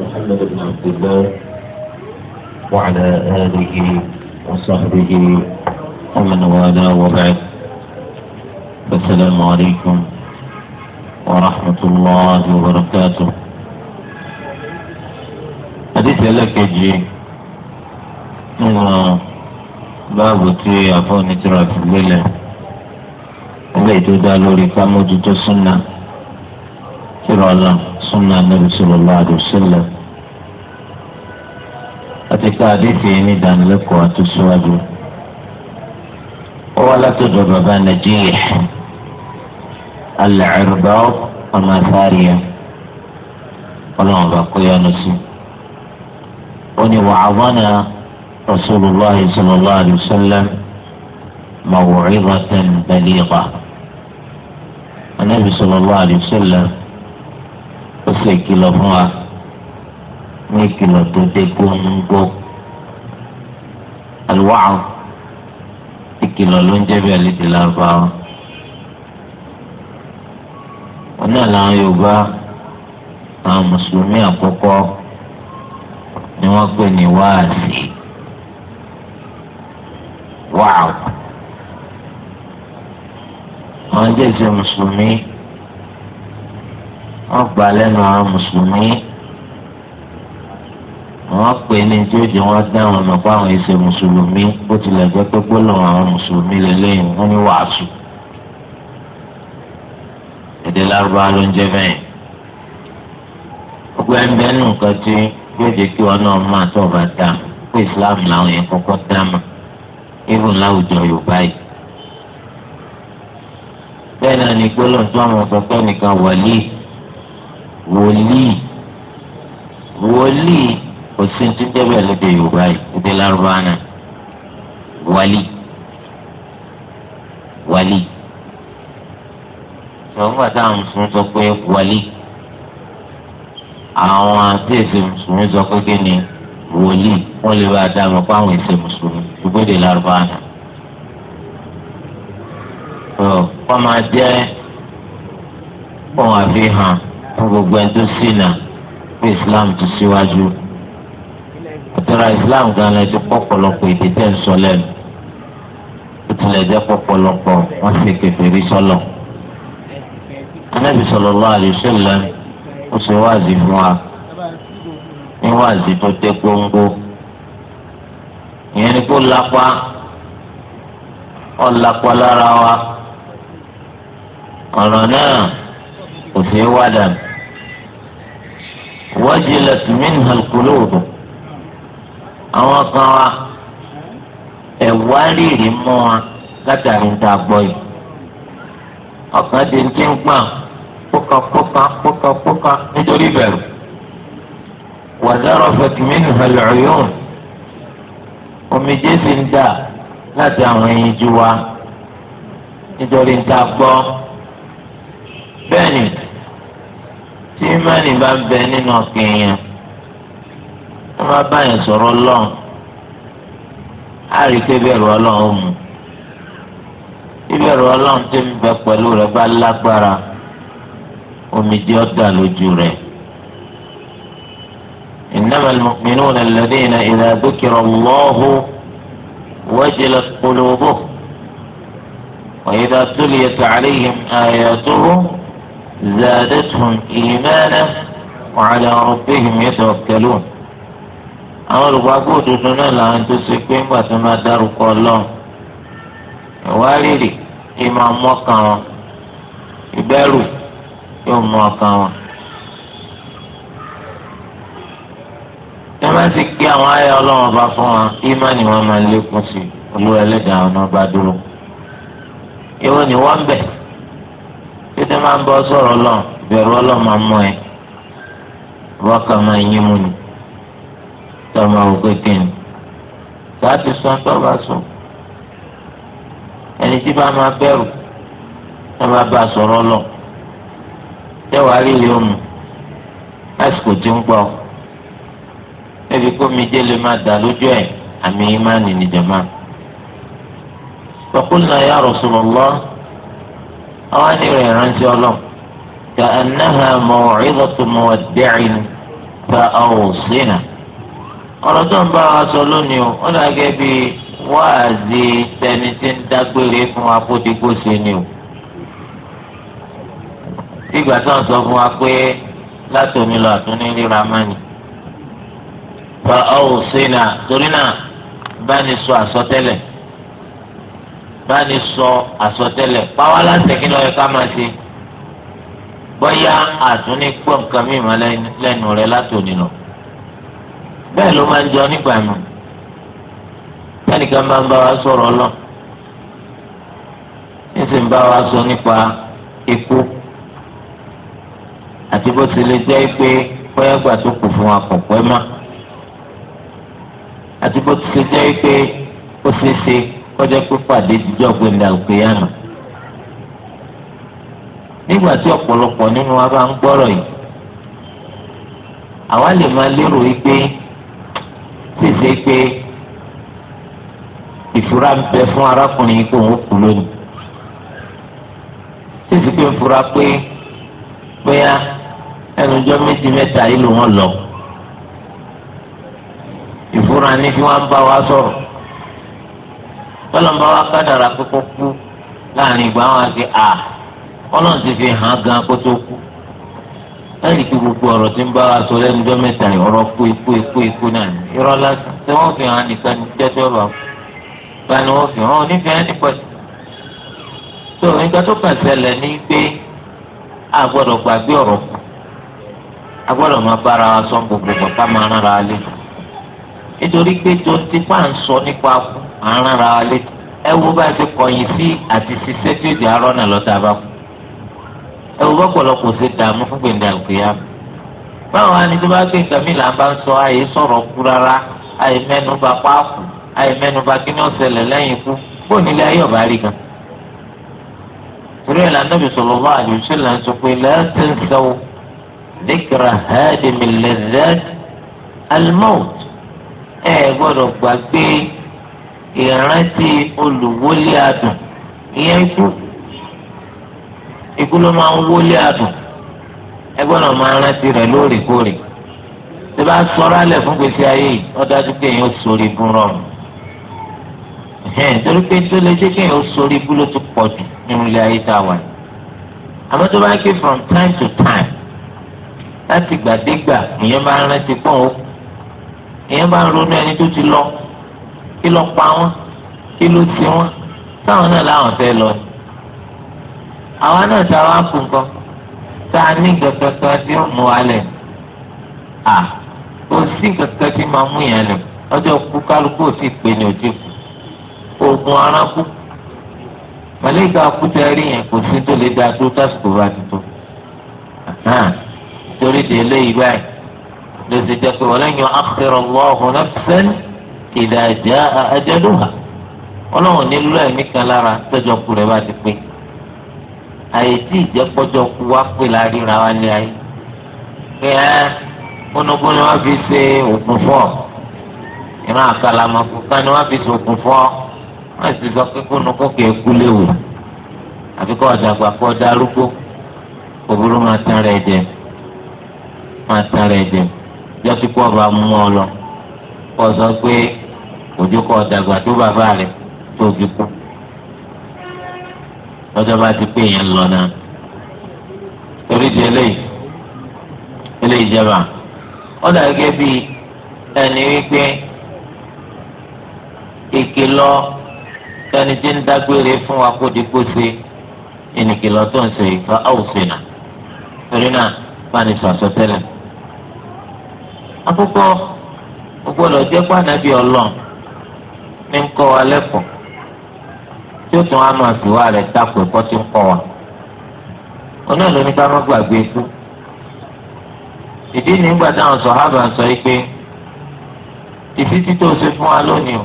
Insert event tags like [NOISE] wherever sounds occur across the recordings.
محمد بن عبد الله وعلى آله وصحبه ومن والاه وبعد فالسلام عليكم ورحمة الله وبركاته حديث لك يجي ما باب تي أفوني ترى في الليلة تدالوا دالوري كاموجة السنة kúrọ̀lá súnà nàbì sallallahu alaihi wasallam. àti ká àdéhìí ní ìdánilẹ́kọ̀ọ́ àtúnṣíwájú. ó wá látọ̀dọ̀ bàbá Najih al-Irbad ọmọ Sariya ọlọ́run bá kó yánu sí. ó ní wa'adhana rasulullah sallallahu alaihi wasallam maw'izatan baligha. النبي صلى الله عليه وسلم ó ṣe ìkìlọ̀ fún wa ní ìkìlọ̀ tó dé góńgó àlùwàá ìkìlọ̀ ló ń jẹ́ bí àlejò lárúbáwá wọn náà làwọn Yorùbá àwọn mùsùlùmí àkọ́kọ́ ni wọ́n pè ní wáàsì wáàwù àwọn jẹ́ ìṣe mùsùlùmí. wọ́n gbà lẹ́nu àwọn mùsùlùmí wọ́n pè ní tí ó jẹ́ wọ́n dá àwọn ọ̀nàpá àwọn ẹsẹ̀ mùsùlùmí bó tilẹ̀ jẹ́ pé gbólọ̀ àwọn mùsùlùmí lélẹ́yìn wọ́n ní wàásù èdè lárúbá ló ń jẹ́ bẹ́ẹ̀ gbogbo ẹgbẹ́ nù nǹkan tí yóò jẹ́ kí wọn náà máa ọba Islam làwọn yẹn kọ́kọ́ dá even láwùjọ Yorùbá yìí bẹ́ẹ̀ wòlíì wòlíì òsì ti débẹ̀ lédè yorùbá yìí èdè lárúbáwá náà wálí wálí sọ̀rọ̀ àti àwọn mùsùlùmí sọ pé wálí àwọn àti èsì mùsùlùmí sọ pé kí ni wòlíì wọ́n lè bá a dá mọ̀ pé àwọn èsì mùsùlùmí gbogbo èdè lárúbáwá náà kọ́ máa jẹ́ ohun àfihàn fún gbogbo ẹni tó sì nà pé islam ti síwájú àtàrà islam gan ni ti pọ̀pọ̀lọpọ̀ èdè tẹ̀ ń sọ lẹ́nu ó tilẹ̀ jẹ́ pọ̀pọ̀lọpọ̀ wọ́n sì kèfèrí sọ́lọ̀ anábì sallallahu alaihi wasallam ó ṣe wáàzì fún wa ní wáàzì tó dé gbóngbó ìyẹn ni kó lápá ó lápá lára wa ọ̀ràn náà kò sí wádàá. wajilat minha alqulub àwọn kan wa ẹ̀wá rírì mọ́ wa látàrí ọkàn nítorí wa ń dà láti àwọn ẹyin ju wa nítorí ta gbọ́ tí mẹ́rin bá ń bẹ nínú ọ̀gbìn yẹn wọ́n bá báyẹn sọ̀rọ̀ lọ́n á rí i pé bẹ̀rù ọlọ́run ó mú bíbẹ̀rù ọlọ́run tó ń bẹ pẹ̀lú rẹ̀ bá lágbára omijé ọ̀dà lójú rẹ̀. إنما المؤمنون الذين إذا ذكر الله وجلت قلوبهم وإذا تليت عليهم آياته زادتهم إيمانا وعلى ربهم يتوكلون àwọn olùgbàgbọ́ òdodo náà làwọn tó ṣe pé ńgbà tó máa dárúkọ ọlọ́run ìwárìrì yóò máa mọ́kàn wọn ìbẹ̀rù yóò mú ọkàn wọn. ẹ má sì kí àwọn ayé ọlọ́run bá fún wọn ìmánì wọn máa lékún sí olúwa ẹlẹ́dàá ọ̀nà bá dúró. ìwọ ni wọ́n ń bẹ̀ títí máa ń bọ́ sọ̀rọ̀ lọ́n bẹ̀rù ọlọ́mọ mọ́ ẹ wákà máa yín mu ni tọ́mọ ògbé kíni sáà ti sọ tọ́ba sùn ẹni tí bá máa bẹ̀rù ẹ máa bá a sọ̀rọ̀ lọ tẹ́wàá rí ilé òmù lásìkò tí ń gbọ́ ẹbí kó mi délé máa dà lójú ẹ̀ àmì ìmánì nìjọba. فقلنا يا رسول الله àwọn àníwò ìrántí ọlọ́m kà ẹnáhà mọ̀ọ́rìdọ̀tò mọ̀ọ́dẹ́rin fa ọ̀hùnsínà ọ̀rọ̀ tó ń bá wa sọ lónìí o ó dàgẹ́ bí wáàzì tẹni tí ń dágbére fún wa kó di kó ni o ìgbà tó ń sọ fún wa pé látòmí lọ àtúní ríra mọ́ni fa ọ̀hùnsínà torí náà bá ní sọ àsọtẹ́lẹ̀ bá ní sọ àsọtẹ́lẹ̀ pàwọn aláǹtẹ kí ló yẹ ká máa ṣe bóyá àtúní pọ̀ nǹkan mímọ́ lẹ́nu rẹ látòní lọ bẹ́ẹ̀ ló máa ń jọ nígbà mi ẹnìkan máa ń bá wa sọ̀rọ̀ lọ nísìnyí bá wa sọ nípa ikú àti bó ti lè jẹ́ pé pẹ́ẹ́gbà tó kù fún wa kò pẹ́ mọ́ àti bó ti lè jẹ́ pé ó ṣeé ṣe kọjá pé pàdé ìjọ gbẹndà òkèèyàn nígbà tí ọ̀pọ̀lọpọ̀ nínú wa bá ń gbọ́rọ̀ yìí àwa lè máa lérò wípé ṣèṣe pé ìfura ń bẹ fún arákùnrin yìí kó òun kú lónìí ṣèṣe pé ń fura pé bóyá ẹnu ọjọ́ méjì mẹ́ta yìí ló wọ́n lọ ìfura ní kí wọ́n bá wa sọ̀rọ̀. tọ́lọ́mbà wa kádàrà kókó kú láàrin ìgbà wọn àti à ọlọ́run ti fi hàn gan kó tó kú tí gbogbo ti ń bá wa sọ lẹ́nu jọ́ mẹ́ta ọ̀rọ̀ kú ikú ikú ikú náà ní irọ́ lásán tí wọ́n fi hàn nìkan ní jẹ́jọ́ wọ́n fi hàn tó a gbọ́dọ̀ gbàgbé ọ̀rọ̀ kù a gbọ́dọ̀ máa bára wa gbogbo bàbá máa rán ara lé nítorí pé tó ti pa sọ nípa kú à ń rárá wa létí ẹ wo bá a ti kọ̀yìn sí àti ṣiṣẹ́ tí ìdí arọ́ náà lọ́ta bá kú ẹ wo bọ́pọ̀lọpọ̀ ṣe dààmú fún gbèǹdà òkèèyà báwo wá ní tó bá gbé nǹkan mi là ń bá ń sọ àyè sọ̀rọ̀ kú rárá àyè mẹ́nu bà páàkù àyè mẹ́nu bà kí ni ó ṣẹlẹ̀ lẹ́yìn ikú bóun nílé ayé ọ̀bá rí gan. ìrẹ́lẹ̀ anábì sọ̀rọ̀ wá àdùnsí là ń sọ pé lẹ́sìn sọ́wọ́ dhikra hādimi ladhāt al-mawt gbọ́dọ̀ gbàgbé ìrántí olùwọlé adùn ìyẹn ikú ikú ló máa ń wọlé adùn ẹ gbọ́dọ̀ máa rántí rẹ̀ lóòrèkóòrè tí bá sọ̀rọ̀ alẹ̀ fún gbèsè ayé yìí wọ́n dájú pé èèyàn sórí ibú rọrùn torí pé tó lè jẹ́ kéèyàn sórí ibú ló ti pọ̀ jù nínú ilé ayé tá a wà àmọ́ tó bá ké from time to time láti gbàdégbà èèyàn bá rántí pọ̀ ó èèyàn bá ronú ẹni tó ti lọ kí ló pa wọn kí ló ti wọn táwọn náà láwọn fẹ́ lọ ni àwa náà ta wá kú nǹkan tá a ní gbẹgbẹgbẹ tí ó mú wa lẹ̀ à kò sí gbẹgbẹ tí máa mú yẹn lẹ̀ ọjọ́ kú kálukú ò sì pé ní ojú kù oògùn ara kú màlẹ́kà kúta rí yẹn kò sí tó lè dáa tó tásìkò bá ti tó torí de eléyìí báyìí ló ti jẹ́ pé wọ́n lẹ́yìn akhira Allahu nafsan ìdájà àjẹlúhà ọlọ́run nílò ẹ̀mí kan lára tọ́jọ́ kú rẹ̀ bá ti pé àyè tí ìjẹ́pọ́jọ́ kú wá pé láríra wá ní ayé pé ẹ́ kúnnukún ni wọ́n fi ṣe òkun fọ́ ìran àkàlàmọ̀kù kan ni wọ́n fi ṣe òkun fọ́ wọ́n sì sọ pé kúnnukún kì í kú léwu àfikọ́ ọ̀dàgbà kọ́ darúgbó òbúrú máa tán rẹ̀ jẹ máa tán rẹ̀ jẹ jọ́sí kú ọba mú ọ lọ kọ́ sọ pé. òjò kọ ọ̀dàgbà tó bàbá rẹ̀ tó fi kú ti pé yẹn lọ náà torí di eléyìí eléyìí jẹba ó dà gẹ́gẹ́ bí ẹni wípé ìkìlọ̀ ẹni tí ń dágbére fún wa kó di kó ṣe ìnìkìlọ̀ tó ń ṣe ìfọ àwòsàn torí náà pàdánù ní ń kọ́ wa lẹ́kọ̀ọ́ tí ó tún á máa fi wá rẹ̀ takò ẹ̀kọ́ tí ń kọ́ wa oní ká má gbàgbé ikú ìdí nígbà táwọn sọ̀hábà sọ yìí pé títí ó ṣe fún wa lónìí o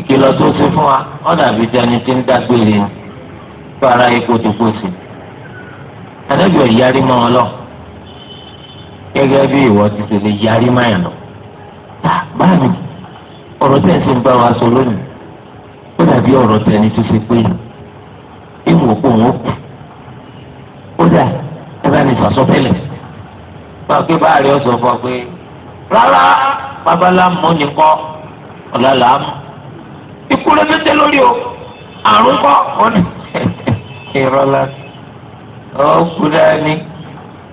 ìkìlọ̀ tó ṣe fún wa ó dàbí ẹni tí ń dágbére ni ara epo tó kó sí i yarí mọ́ ọ lọ gẹ́gẹ́ bí ìwọ ti ṣe lè yarí mọ́ ẹ̀ ọ̀rọ̀ tẹ̀ ń sì ń bá wa sọ lónìí ó dàbí ọ̀rọ̀ tẹni tó ṣe pé ìwò kò wọ́n kù ó dà ẹ bá ní ìfàsọ́tẹ́lẹ̀ bá a pé bá a rí ọ̀sọ̀ fún ọ pé rárá babaláàmú nìkan ọ̀làlàámú ikú ló ń tẹ́ lórí o àrùn kọ́ ọ̀nà ìrọ̀lá ọ̀kú dání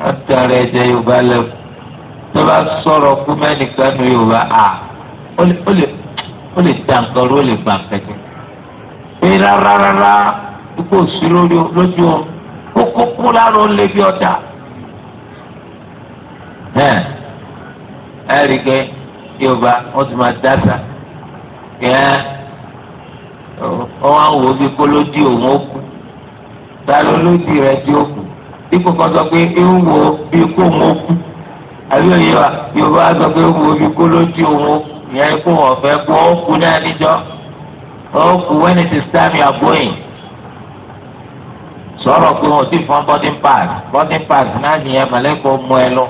àtàrà ẹ̀jẹ̀ yorùbá lẹ́kọ̀ọ́ tó bá sọ̀rọ̀ kú mẹ́nìkan nu yorùbá à ó lè ó lè da nǹkan ró lè gbà kẹjẹ ní rárára ipò sí lójú ọ ó kú lára ó lé bí ọjà ẹ ẹ rí i pé yorùbá ti máa dáta ẹ ọ wá wò ó bí kó òun ta ló rẹ tí ó kú kan sọ pé ń wò ó bí kó òun ó kú àbí òye wa yorùbá sọ pé ń wò ó ìyẹn kó wọ́n fẹ́ kó ó kú náà níjọ́ ó kú when it is time you are going sọ̀rọ̀ pé wọ́n ti fún boarding pass boarding pass náà nìyẹn mọ̀lẹ́kọ̀ọ́ mú ẹ lọ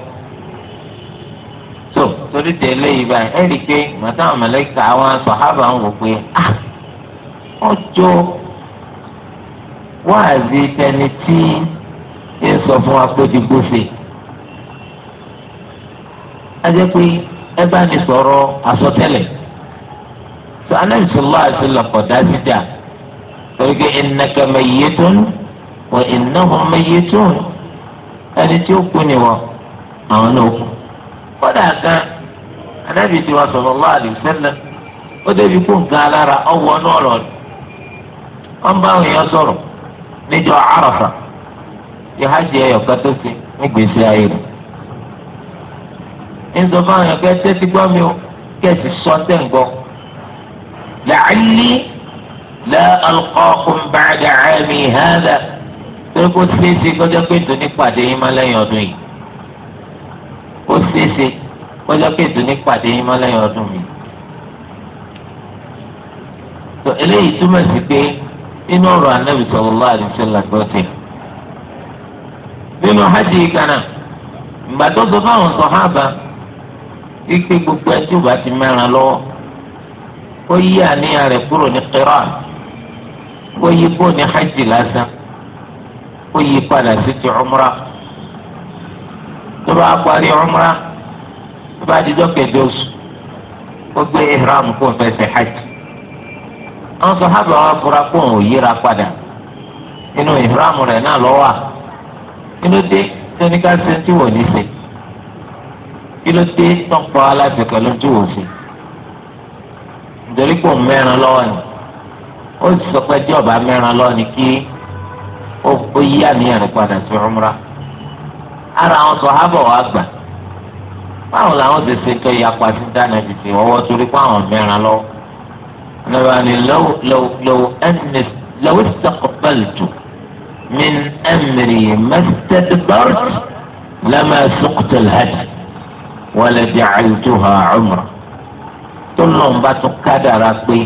tó torí tẹ̀lé yìí báyìí ẹ̀ rí i pé màtá àwọn mọ̀lẹ́kà àwọn sọ̀hábà ń wò pé ọjọ́ wáàzí tẹni tí ń sọ fún wa pé ti gbófin. a jẹ́ pé ẹ bá ní sọ̀rọ̀ àsọtẹ́lẹ̀ sọ anabi sallallahu alaihi wasallam kọ̀dá sídà torí pé innaka mayyitun wa innahum mayyitun ẹni tí ó kú nìwọ àwọn náà kú kọ́dà gan anabi tí wọ́n sallallahu alaihi wasallam ó débi kó nǹkan alára ọwọ́ náà lọ wọ́n bá àwọn èèyàn sọ̀rọ̀ níjọ́ Àrafà yóò hajj ẹ̀yọ̀ kátó sí nígbèsè ayé rẹ̀. Nzọba sọ fáwọn èèyàn pé tẹ́tí mi o kẹ́sì sọ làálí la alqaakum ba'da 'aami hada torí kó ṣeéṣe kọjá pé ètò nípàdé yín má lẹ́yìn ọdún yìí kó ṣeéṣe kọjá pé ètò nípàdé yín má lẹ́yìn ọdún mi. tó eléyìí túmọ̀ sí pé nínú ọ̀rọ̀ anábì sallallahu alaihi wasallam tẹ̀. nínú hajj kan náà ìgbà tó sọ fáwọn ike gbogbo ẹtí ò bá ti mẹ́ran lọ́wọ́ kó yí àníyàn rẹ̀ kúrò ní qiran kó yí kó ní hajj lásán kó yí padà sí ti umra tó bá parí umra tó bá di dọ́kẹ̀dẹ́ oṣù kó gbé ihram kó fẹ́ hajj àwọn sọ̀hábà wa fura kó òun yíra padà inú ihram rẹ̀ náà lọ́wọ́ inú dé tó ní ká ní ṣe kí ló dé tọ́pọ̀ aláṣẹ pẹ̀lú ojú òfin nítorí pò mẹ́ran lọ́wọ́ ni ó sì sọ pé tí ọba mẹ́ran lọ́wọ́ ni kí ó yí àníyàn rẹ̀ padà sí umra ara àwọn sọ̀hábà wà gbà báwo làwọn ti ṣe tó yapa sí dáná títí ọwọ́ torí pé àwọn mẹ́ran lọ́wọ́ nígbà ni lọ́wọ́ istaqbaltu min amri mastadbartu lama suqtu al-hadi. wọlẹ́dẹ̀ àyùtúhà ọmọrọ tó lọ́n bá tún kádàrá pé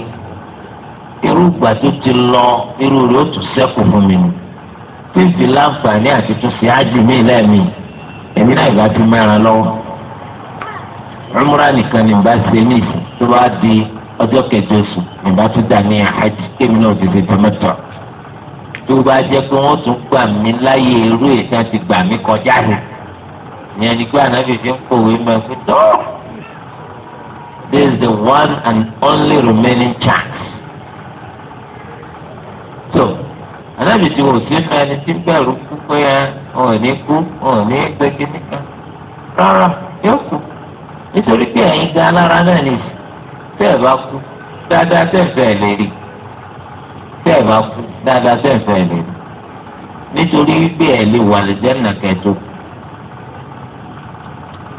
irú ìgbà tó ti lọ irú rẹ̀ ó tún sẹ́kù fún mi ni fífi láǹfààní àti túnṣe ájì mi lẹ́ẹ̀mí èmi náà ìgbà tó mẹ́ran lọ́wọ́ ọmọrọ nìkan ni bá ṣe ní ìfún tó bá di ọjọ́ kẹjọ oṣù ni bá tún dà ní àhájì kémi náà ti kọjá ìyẹn ni pé ànábì fi ń kọ̀wé mọ́ ẹ̀fọ́ tó. this is the one and only remaining chance. so ànábì ti wò sí fún ẹni tí ń bẹ̀rù kú pé ẹ ò ní kú ò ní gbé kíní kan rárá yóò kú nítorí pé ẹ̀yin gan alára náà ni tẹ́ ẹ bá kú dáadáa tẹ́ ẹ fẹ́ lè rí tẹ́ ẹ bá kú dáadáa tẹ́ ẹ fẹ́ lè rí nítorí pé ẹ lè wà lè nàkẹ́ tó kú.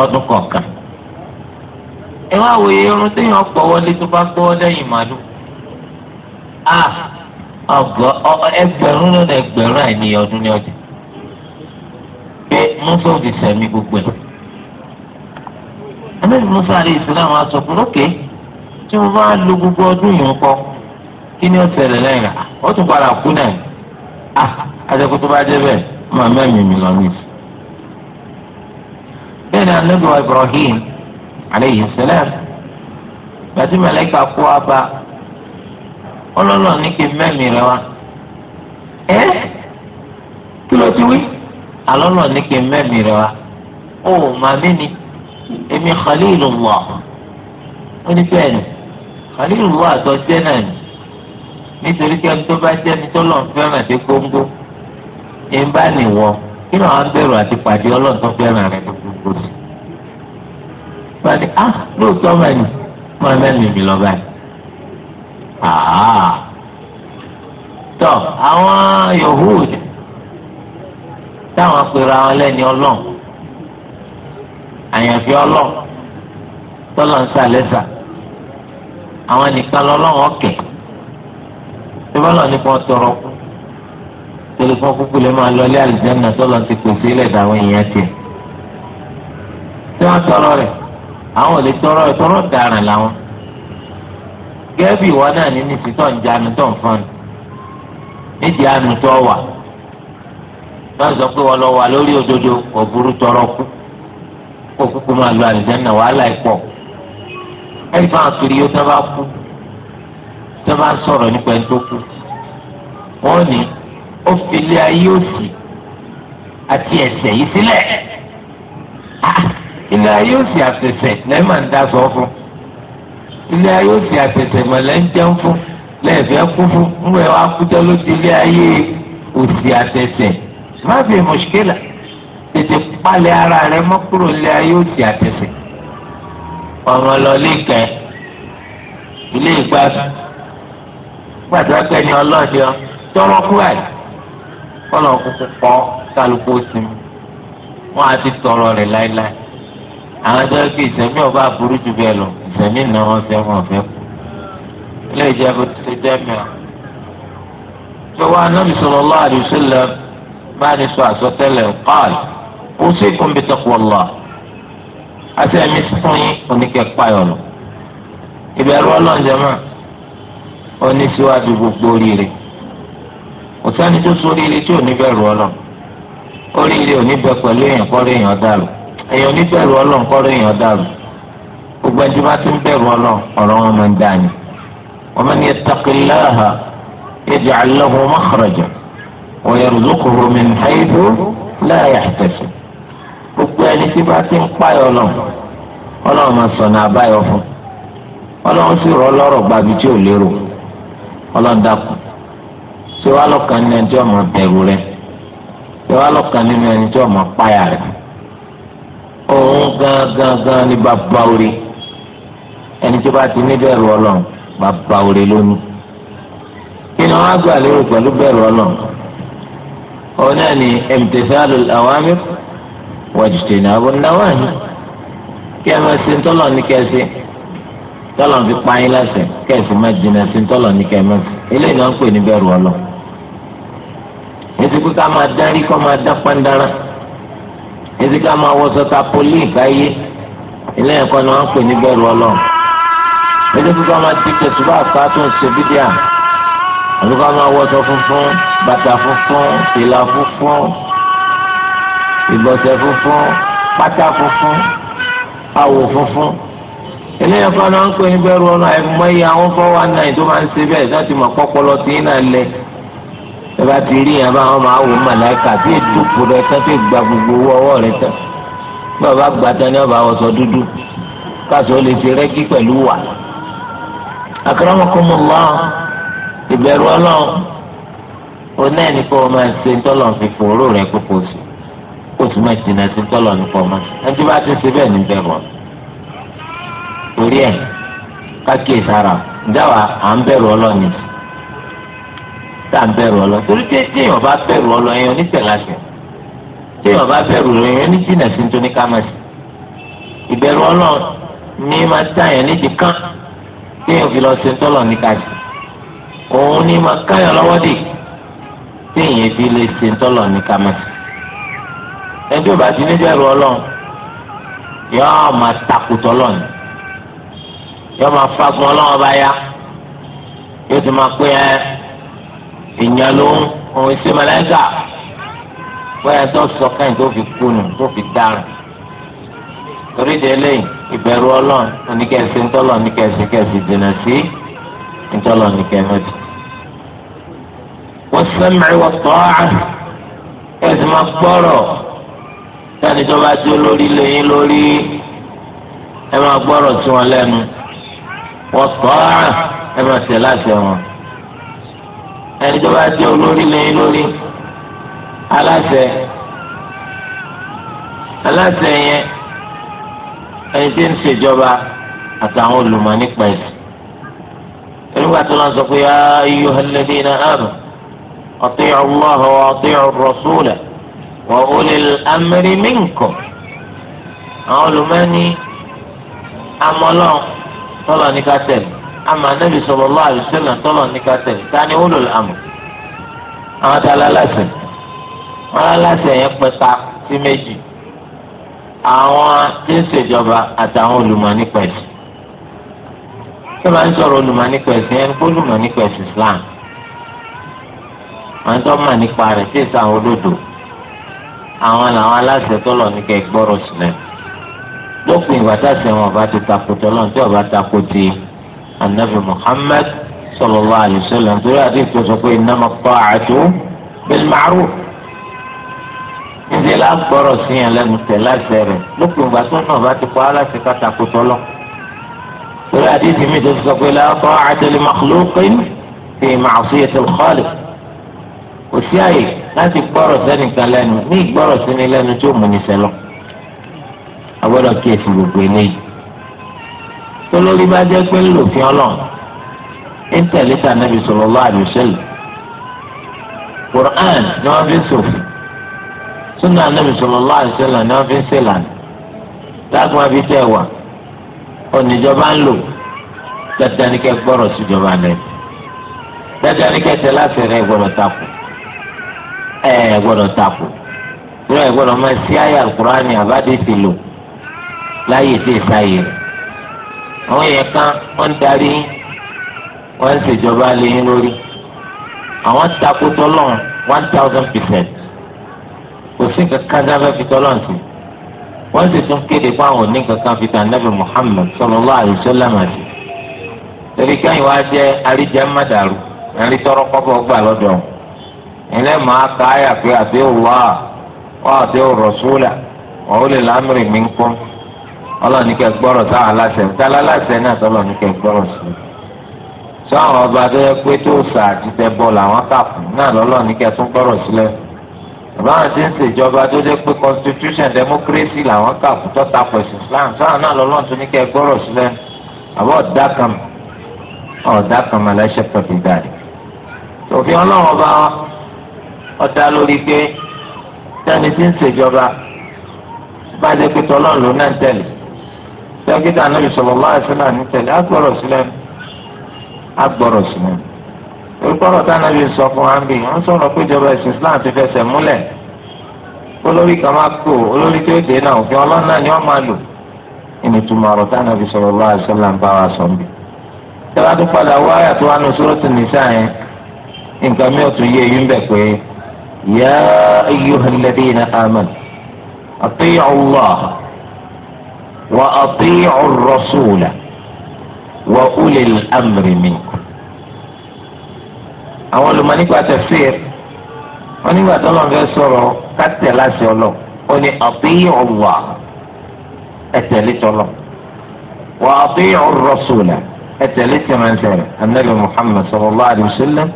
lọ́dún kọ̀ọ̀kan. ẹ wá wo irun pọ̀ wọlé tó bá gbọ́ lẹ́yìn a ẹgbẹ̀rún lọ́nà ẹgbẹ̀rún àìní ọdún ní ọjà. pé musa ti sẹ̀mí gbogbo ẹ̀. ẹlẹ́ni musa ìsìlámù aṣọ fún lókè tí mo bá lo gbogbo ọdún kí ni ó lẹ́yìn rà ó tún padà kú náà. a àti tó bá ànábì wa Ibrahim aleyhi salam gbàtí mẹlẹka kó wa bá ọlọlọ ní kí mẹmí rẹ wa ẹ kí ló ti wí alọlọ ní kí mẹmí rẹ wa ó màmí ni èmi Khalilullah ó ní bẹ́ẹ̀ ni Khalilullah àtọ jẹ náà ni nítorí kí ẹni tó bá jẹ́ ẹni tó lọ́n fẹ́ràn dé góńgó ẹ̀ ń bá nìwọ kí ló wá ń bẹ̀rù àti pàdé ọlọ́run tó fẹ́ràn rẹ tó. Ah, ni á lóòótọ́ mà ní máa mẹ́rin mi lọ báyìí. Ah. tọ́ àwọn Yahudi táwọn pèrò àwọn lẹ́ni ọlọ́n àyànfi ọlọ́n tọ́lọ̀ ń sàlẹ́sà àwọn nìkan lọ́lọ́wọ́ kẹ̀ tí wọ́n lọ nípa tọrọ kú torí fún kúkú lè máa lọ ilé àlùjànnà tọ́lọ̀ ti pèsè ilẹ̀ dàwọn èèyàn tiẹ̀ tí wọ́n tọrọ rẹ̀ àwọn ò lè tọrọ ìtọrọ daràn làwọn gẹ́gẹ́ bí ìwọ náà ní nísì tó ń jánu tó ń fọ́n nídìí àánú tó wà wọ́n sọ pé wọ́n lọ wà lórí òdodo òbúrú tọrọ kú kó kúkú máa lo àlùjáná wàhálà ìpọ̀ ẹ̀rí fáwọn yóò tẹ́ bá ayé òsì àti yìí sílẹ̀ ah, ilé ayé òsì àtẹ̀tẹ̀ lẹ́ẹ̀ máa ń dá sọ fún ilé ayé òsì àtẹ̀tẹ̀ mọ̀lẹ́ ń jẹun fún lẹ́ẹ̀fẹ́ kú fún ńwẹ̀ wá kújọ́ ló di ilé ayé òsì àtẹ̀tẹ̀ má fi mùṣkílà tètè palẹ̀ ara rẹ mọ́ kúrò ilé ayé òsì àtẹ̀tẹ̀ ọmọ lọ lẹ́kẹ̀ ilé ìgbàdùn gbàdúrà ni ọlọ́ọ̀dẹ tọrọ kúrò àyè kọ́nà kúkú pọ́ kálukú sí mi wọ́n á ti tọrọ rẹ̀ láéláé àwọn ẹjọ́ kí ìsẹ̀mí ọba burú jù bẹ́ẹ̀ lọ ìsẹ̀mí náà wọ́n fẹ́ wọ́n fẹ́ kú. ilé ìjẹ́ bó ti ṣe dẹ́mi ọ́. ìjọba anábì sallallahu alaihi wasallam bá ní sọ àsọtẹ́lẹ̀ qal usikum bi taqwallah. àti ẹ̀mí fún yín oníkẹ́páyọ̀ lọ. ìbẹ̀rù ọlọ́njẹ́mọ̀ oníṣíwájú gbogbo oríire. òsánijó sóríire tí ò ní bẹ̀rù ọlọ́ oríire ò ní bẹ pẹ̀lú èèyàn kọ́rí èyàn oníbẹ̀rù ọlọ́run gbogbo bá ti ń bẹ̀rù ọlọ́run ọ̀rọ̀ wọn máa ń dà ní. gbogbo ẹni bá ti ń páyọ̀ ọlọ́run ọlọ́run máa sọ̀nà àbáyọ fún ọlọ́run sì rọ ọlọ́rọ̀ gbàbí tí ò lérò ọlọ́run ṣé wàá lọ́kàn òun gangan gan ni bàbá orí ẹni tó bá ti ní bẹ̀rù ọlọ́run bàbá orí lónìí kí ni wọ́n á gbà lérò pẹ̀lú bẹ̀rù ọlọ́run òun náà ni imtithalu al-awamir wa ijtinabu an-nawahi kí ẹ máa ṣe ńtọ́lọ̀ ní kẹsí tọ́lọ̀ fi pa yín lẹ́sẹ̀ kẹ́sì máa jìnnà sí ńtọ́lọ̀ ní kẹmẹ́sì eléyìí náà ń pè ní bẹ̀rù ọlọ́run ètùkú ká máa dárí kọ́ máa dá pàǹdára ètò ká máa wọ sọta poli ìgbáyé ilé ẹ̀kọ́ ni wọ́n ń pè ní bẹ̀rù ọlọ́run ètò kíkọ́ máa ti tẹ̀sùbá àpá tó ń ṣe bídíà ètò ká máa wọ sọ funfun bàtà funfun ìlà funfun ìbọ̀sẹ̀ funfun pátá funfun awò funfun ilé ẹ̀kọ́ ni wọ́n ń pè ní bẹ̀rù ọlọ́run àìmọye àwọn fọwọ́ náà tó máa ń ṣe bẹ́ẹ̀ láti mọ̀ pọ́pọ́lọ́ tí náà lẹ̀ ẹ bá ti rí yẹn báwọn máa wò màláìka tí èdòkú rẹ tán tí gba gbogbo owó ọwọ́ rẹ tán bí ọba gbàtà ni ọba wọṣọ dúdú káṣọ lè ṣe rẹ́gí pẹ̀lú wà. akramakumullah ìbẹ̀rù ọlọ́run oná ẹni kó o máa ṣe tọ́lọ̀ fi fòró rẹ kókó sí kó o sì máa jìnnà sí tọ́lọ̀ nípa ọmọ ẹni bá ti ṣe bẹ́ẹ̀ ní bẹ̀rù ọ torí ẹ̀ kákìí sára dáwà à ń bẹ̀rù ọlọ́run yìí tá à ń bẹ̀rù ọlọ torí pé tí èèyàn bá bẹ̀rù ọlọ ẹ̀yàn onítẹ̀láṣẹ tí èèyàn bá bẹ̀rù ọlọ ẹ̀yàn oníṣìnà sí tó ní kámẹ́sì ìbẹ̀rù ọlọ ní máa dáyàn níbi kan tí èèyàn fi lọ ṣe tọ́lọ̀ ní kájì òun ní máa káyàn lọ́wọ́ dì tí èèyàn fi lè ṣe tọ́lọ̀ ní kámẹ́sì ẹjọ́ bá ti ní bẹ̀rù ọlọ yọ́ọ́ máa takùtọ̀ lọ́nà yọ́ọ́ máa fagun ọlọ́wọ́ bá yá yóò ti máa pé ẹ́ èèyàn ló ń òun ṣe mọ̀lẹ́kà bóyá tó sọ káyìn tó fi kúnu tó fi dáràn torí de eléyìí ìbẹ̀rù ọlọ́run oníkẹ́sì ńtọ́lọ̀ oníkẹ́sì kẹ́sì dènà sí ńtọ́lọ̀ oníkẹ́mẹ́sì. wọ́n sẹ́mìí wọ́n tọ́ á kẹ́sì máa gbọ́rọ̀ sani tó bá tó lórí lẹ́yìn lórí ẹ máa gbọ́rọ̀ tí wọ́n lẹ́nu wọ́n tọ́ á ẹ máa tẹ̀ láṣẹ wọn ẹni tó bá jẹ́ olórí lẹ́yìn lórí aláṣẹ aláṣẹ yẹn ẹni tí ń ṣèjọba àtàwọn olùmọ̀ nípa ẹ̀sìn nígbà tó lọ́n sọ pé yá ayyuhal ladina amanu ati'u Allaha wa ati'u ar-rasula wa ulil amri minkum àwọn olùmọ̀ ní amọ́lọ́ tọ́lọ̀ ní ká tẹ̀lé ama anabi sallallahu alaihi wasallam tọlọ níka tẹlẹ tani ulul amr àwọn tá a lálàsẹ wọn lálàsẹ yẹn pẹta sí méjì àwọn tí ń ṣèjọba àtàwọn olùmọ̀ nípa ẹ̀sìn tí wọn ń sọ̀rọ̀ islam wọn tó mọ̀ nípa rẹ̀ tí èsì àwọn olódò àwọn làwọn aláṣẹ tọlọ níka ẹgbọrọ sílẹ̀ lópin ìgbà tá a sẹ wọn ọba ti takò tọlọ tí ọba takò ti anabi muhammad sallallahu alayhi wa sallam torí àti ìtòsọ pé innama ta'atu bil ma'ruf níbi lágbọ́rọ̀ sí yẹn lẹ́nu tẹ̀ láṣẹ rẹ̀ lópin ìgbà tó náà bá ti kọ́ aláṣẹ kátàkó tọ́lọ́ torí àdìsí mi tó sọ pé la ta'ata li makhluqin fi ma'siyati al-khaliq kò sí àyè láti gbọ́rọ̀ sẹ́nìkan lẹ́nu ní ìgbọ́rọ̀ sí ni lẹ́nu tó mú ní sẹ́lọ̀ a gbọ́dọ̀ kíyèsí gbogbo eléyìí tolórí bá jẹ́ pé ńlòfin ọlọ́run ń tẹ̀lé ta nàbì sallallahu alaihi wasallam Qur'an ni wọ́n fi ń sòfin súnà nàbì sallallahu alaihi wasallam ni wọ́n fi ń sèlànà dágbọ́n fi tẹ̀ wá oníjọba ń lò dáadáa ní kẹ́ gbọ́rọ̀ síjọba lẹ́nu dáadáa ní kẹ́ tẹ láti rẹ̀ gbọ́dọ̀ takò ẹ̀ gbọ́dọ̀ takò rẹ̀ gbọ́dọ̀ máa sí àyà Qur'ani àbádé ti lò láyé tí ì sáyé rẹ̀ àwọn èèyàn kan wọ́n ń darí yín wọ́n ń ṣèjọba lé yín lórí àwọn takò tọ́lọ́run one thousand percent kò sí kankan dábẹ́ fi tọ́lọ́run sí wọ́n sì tún kéde pé àwọn òní kankan fi tàn Nábì Muhammad sallallahu alaihi wasallam sí torí káyìn wá jẹ́ àríjẹ́ mádàrú ẹ̀rí tọrọ kọ́bọ̀ gbà lọ́dọ̀ ilé màá ka àyà pé àti òwò àti òrọ̀súlà ọ̀hún lè lámìrì mí ń ọlọ́run ní kẹ́ gbọ́rọ̀ sáwọn aláṣẹ tálá aláṣẹ náà tọ́lọ̀ ní kẹ́ gbọ́rọ̀ sí i sáwọn ọba tó yẹ pé tó sà àti tẹ bọ́ làwọn kà fún náà lọ́lọ́run ní kẹ́ tún gbọ́rọ̀ sílẹ̀ bàbá àwọn tí ń ṣèjọba tó dé pé constitution democracy làwọn kà fún tọ́ta pẹ̀sì Islam sáwọn náà lọ́lọ́run tún ní kẹ́ gbọ́rọ̀ sílẹ̀ àbọ̀ ọ̀dà kan ọ̀dà malaysia pẹ̀lú ìdàrí òfin ọlọ́run ọba ọ̀dà lórí pé tẹ́ni tí ń ṣèjọba bá dé pé tọ́lọ́run ló náà tẹ̀lé sẹ́kítà anabi sallallahu alaihi wasallam ní tẹ̀lé agbọ̀rọ̀ sílẹ̀ agbọ̀rọ̀ sílẹ̀ sọ fún wa ń bì wọ́n pé ìjọba Islam ti fẹsẹ̀ múlẹ̀ olórí kan máa kó olórí tó dé náà òfin ọlọ́nà ni wọ́n máa lò ìnìtumọ̀ ọ̀rọ̀ tá náà fi sallallahu alaihi bá wa ń bì tẹ́lá tó padà wá nǹkan mi وأطيعوا الرسول وأولي الأمر منكم àwọn olùmọ̀ nípa tafsir wọn nígbà tó lọ́n fẹ́ sọ̀rọ̀ kátẹ̀ láti ọlọ́ ó ní أطيعوا الله ẹ̀tẹ̀lé tọ́lọ̀ وأطيعوا الرسول ẹ̀tẹ̀lé tẹ̀mẹ̀tẹ̀rẹ̀ النبي محمد صلى الله عليه وسلم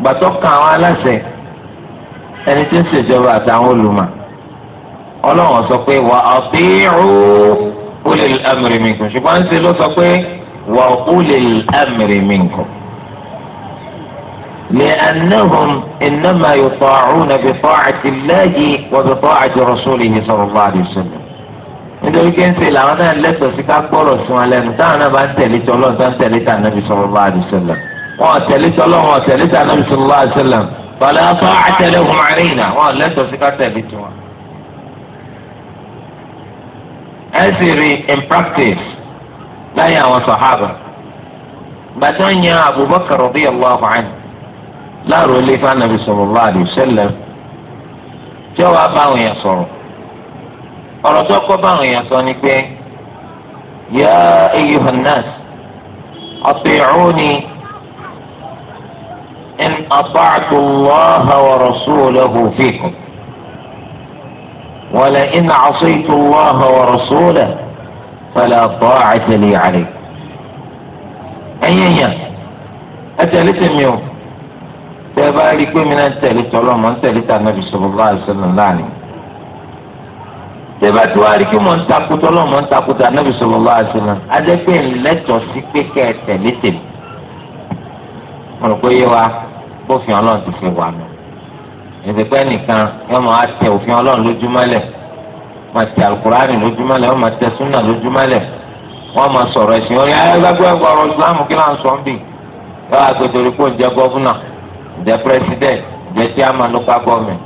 gbàtọ́ kan àwọn aláṣẹ ẹni tí ń ṣèjọba àtàwọn olùmọ̀ ọlọ́wọ́n sọ pé وأطيعوا ulil amri minkum ṣùgbọ́n ṣe ló sọ pé wà ulil amri minkum. لأنهم إنما يطاعون بطاعة الله وبطاعة رسوله صلى الله عليه وسلم nítorí kí n ṣe làwọn náà lẹ́tọ̀ọ́ sí ká gbọ́rọ̀ sí wọn lẹ́nu táwọn náà bá ń tẹ̀lé tí ọlọ́run tó ń tẹ̀lé tí ànábì sallallahu alaihi wasallam wọn ò tẹ̀lé tí ọlọ́run ò tẹ̀lé tí ànábì sallallahu alaihi wasallam fala ta'ata lahum alaina wọn ò lẹ́tọ̀ọ́ sí ká tẹ̀lé tí wọn. ẹ sì rí in practice láyé àwọn sàhábà gbàtọ́ yan Abubakar radiyallahu anhu láàrú ilé fanabi sallallahu alaihi wasallam tí ó wá báwọn yẹn sọ̀rọ̀ ọ̀rọ̀ tó kọ́ báwọn yẹn sọ ni pé ya ayyuhan nas ati'uni in ata'tu Allah wa rasulahu fikum. ولئن عصيت الله ورسوله فلا طاعة لي عليه أيها أتلت ميو تبارك من التلت الله من تلت النبي صلى الله عليه وسلم لعنه tẹ́bà tí wàá rí kí mò ń takùtọ̀ lọ́wọ́ mò ń takùtọ̀ anábì sallallahu alaihi wasallam adẹ́pẹ́ ìdìpẹ́ nìkan yóò máa tẹ òfin ọlọ́run lójúmọ́lẹ̀ máa tẹ alukurani lójúmọ́lẹ̀ wọ́n máa tẹ súnà lójúmọ́lẹ̀ wọ́n máa sọ̀rọ̀ ẹ̀sìn orí ayélujára ọ̀rọ̀ islam kí láà ń sọ ń bì yóò wá pé torí kó ń gọ́vùnà ń jẹ pírẹsidẹ̀nt ń jẹ chairman local government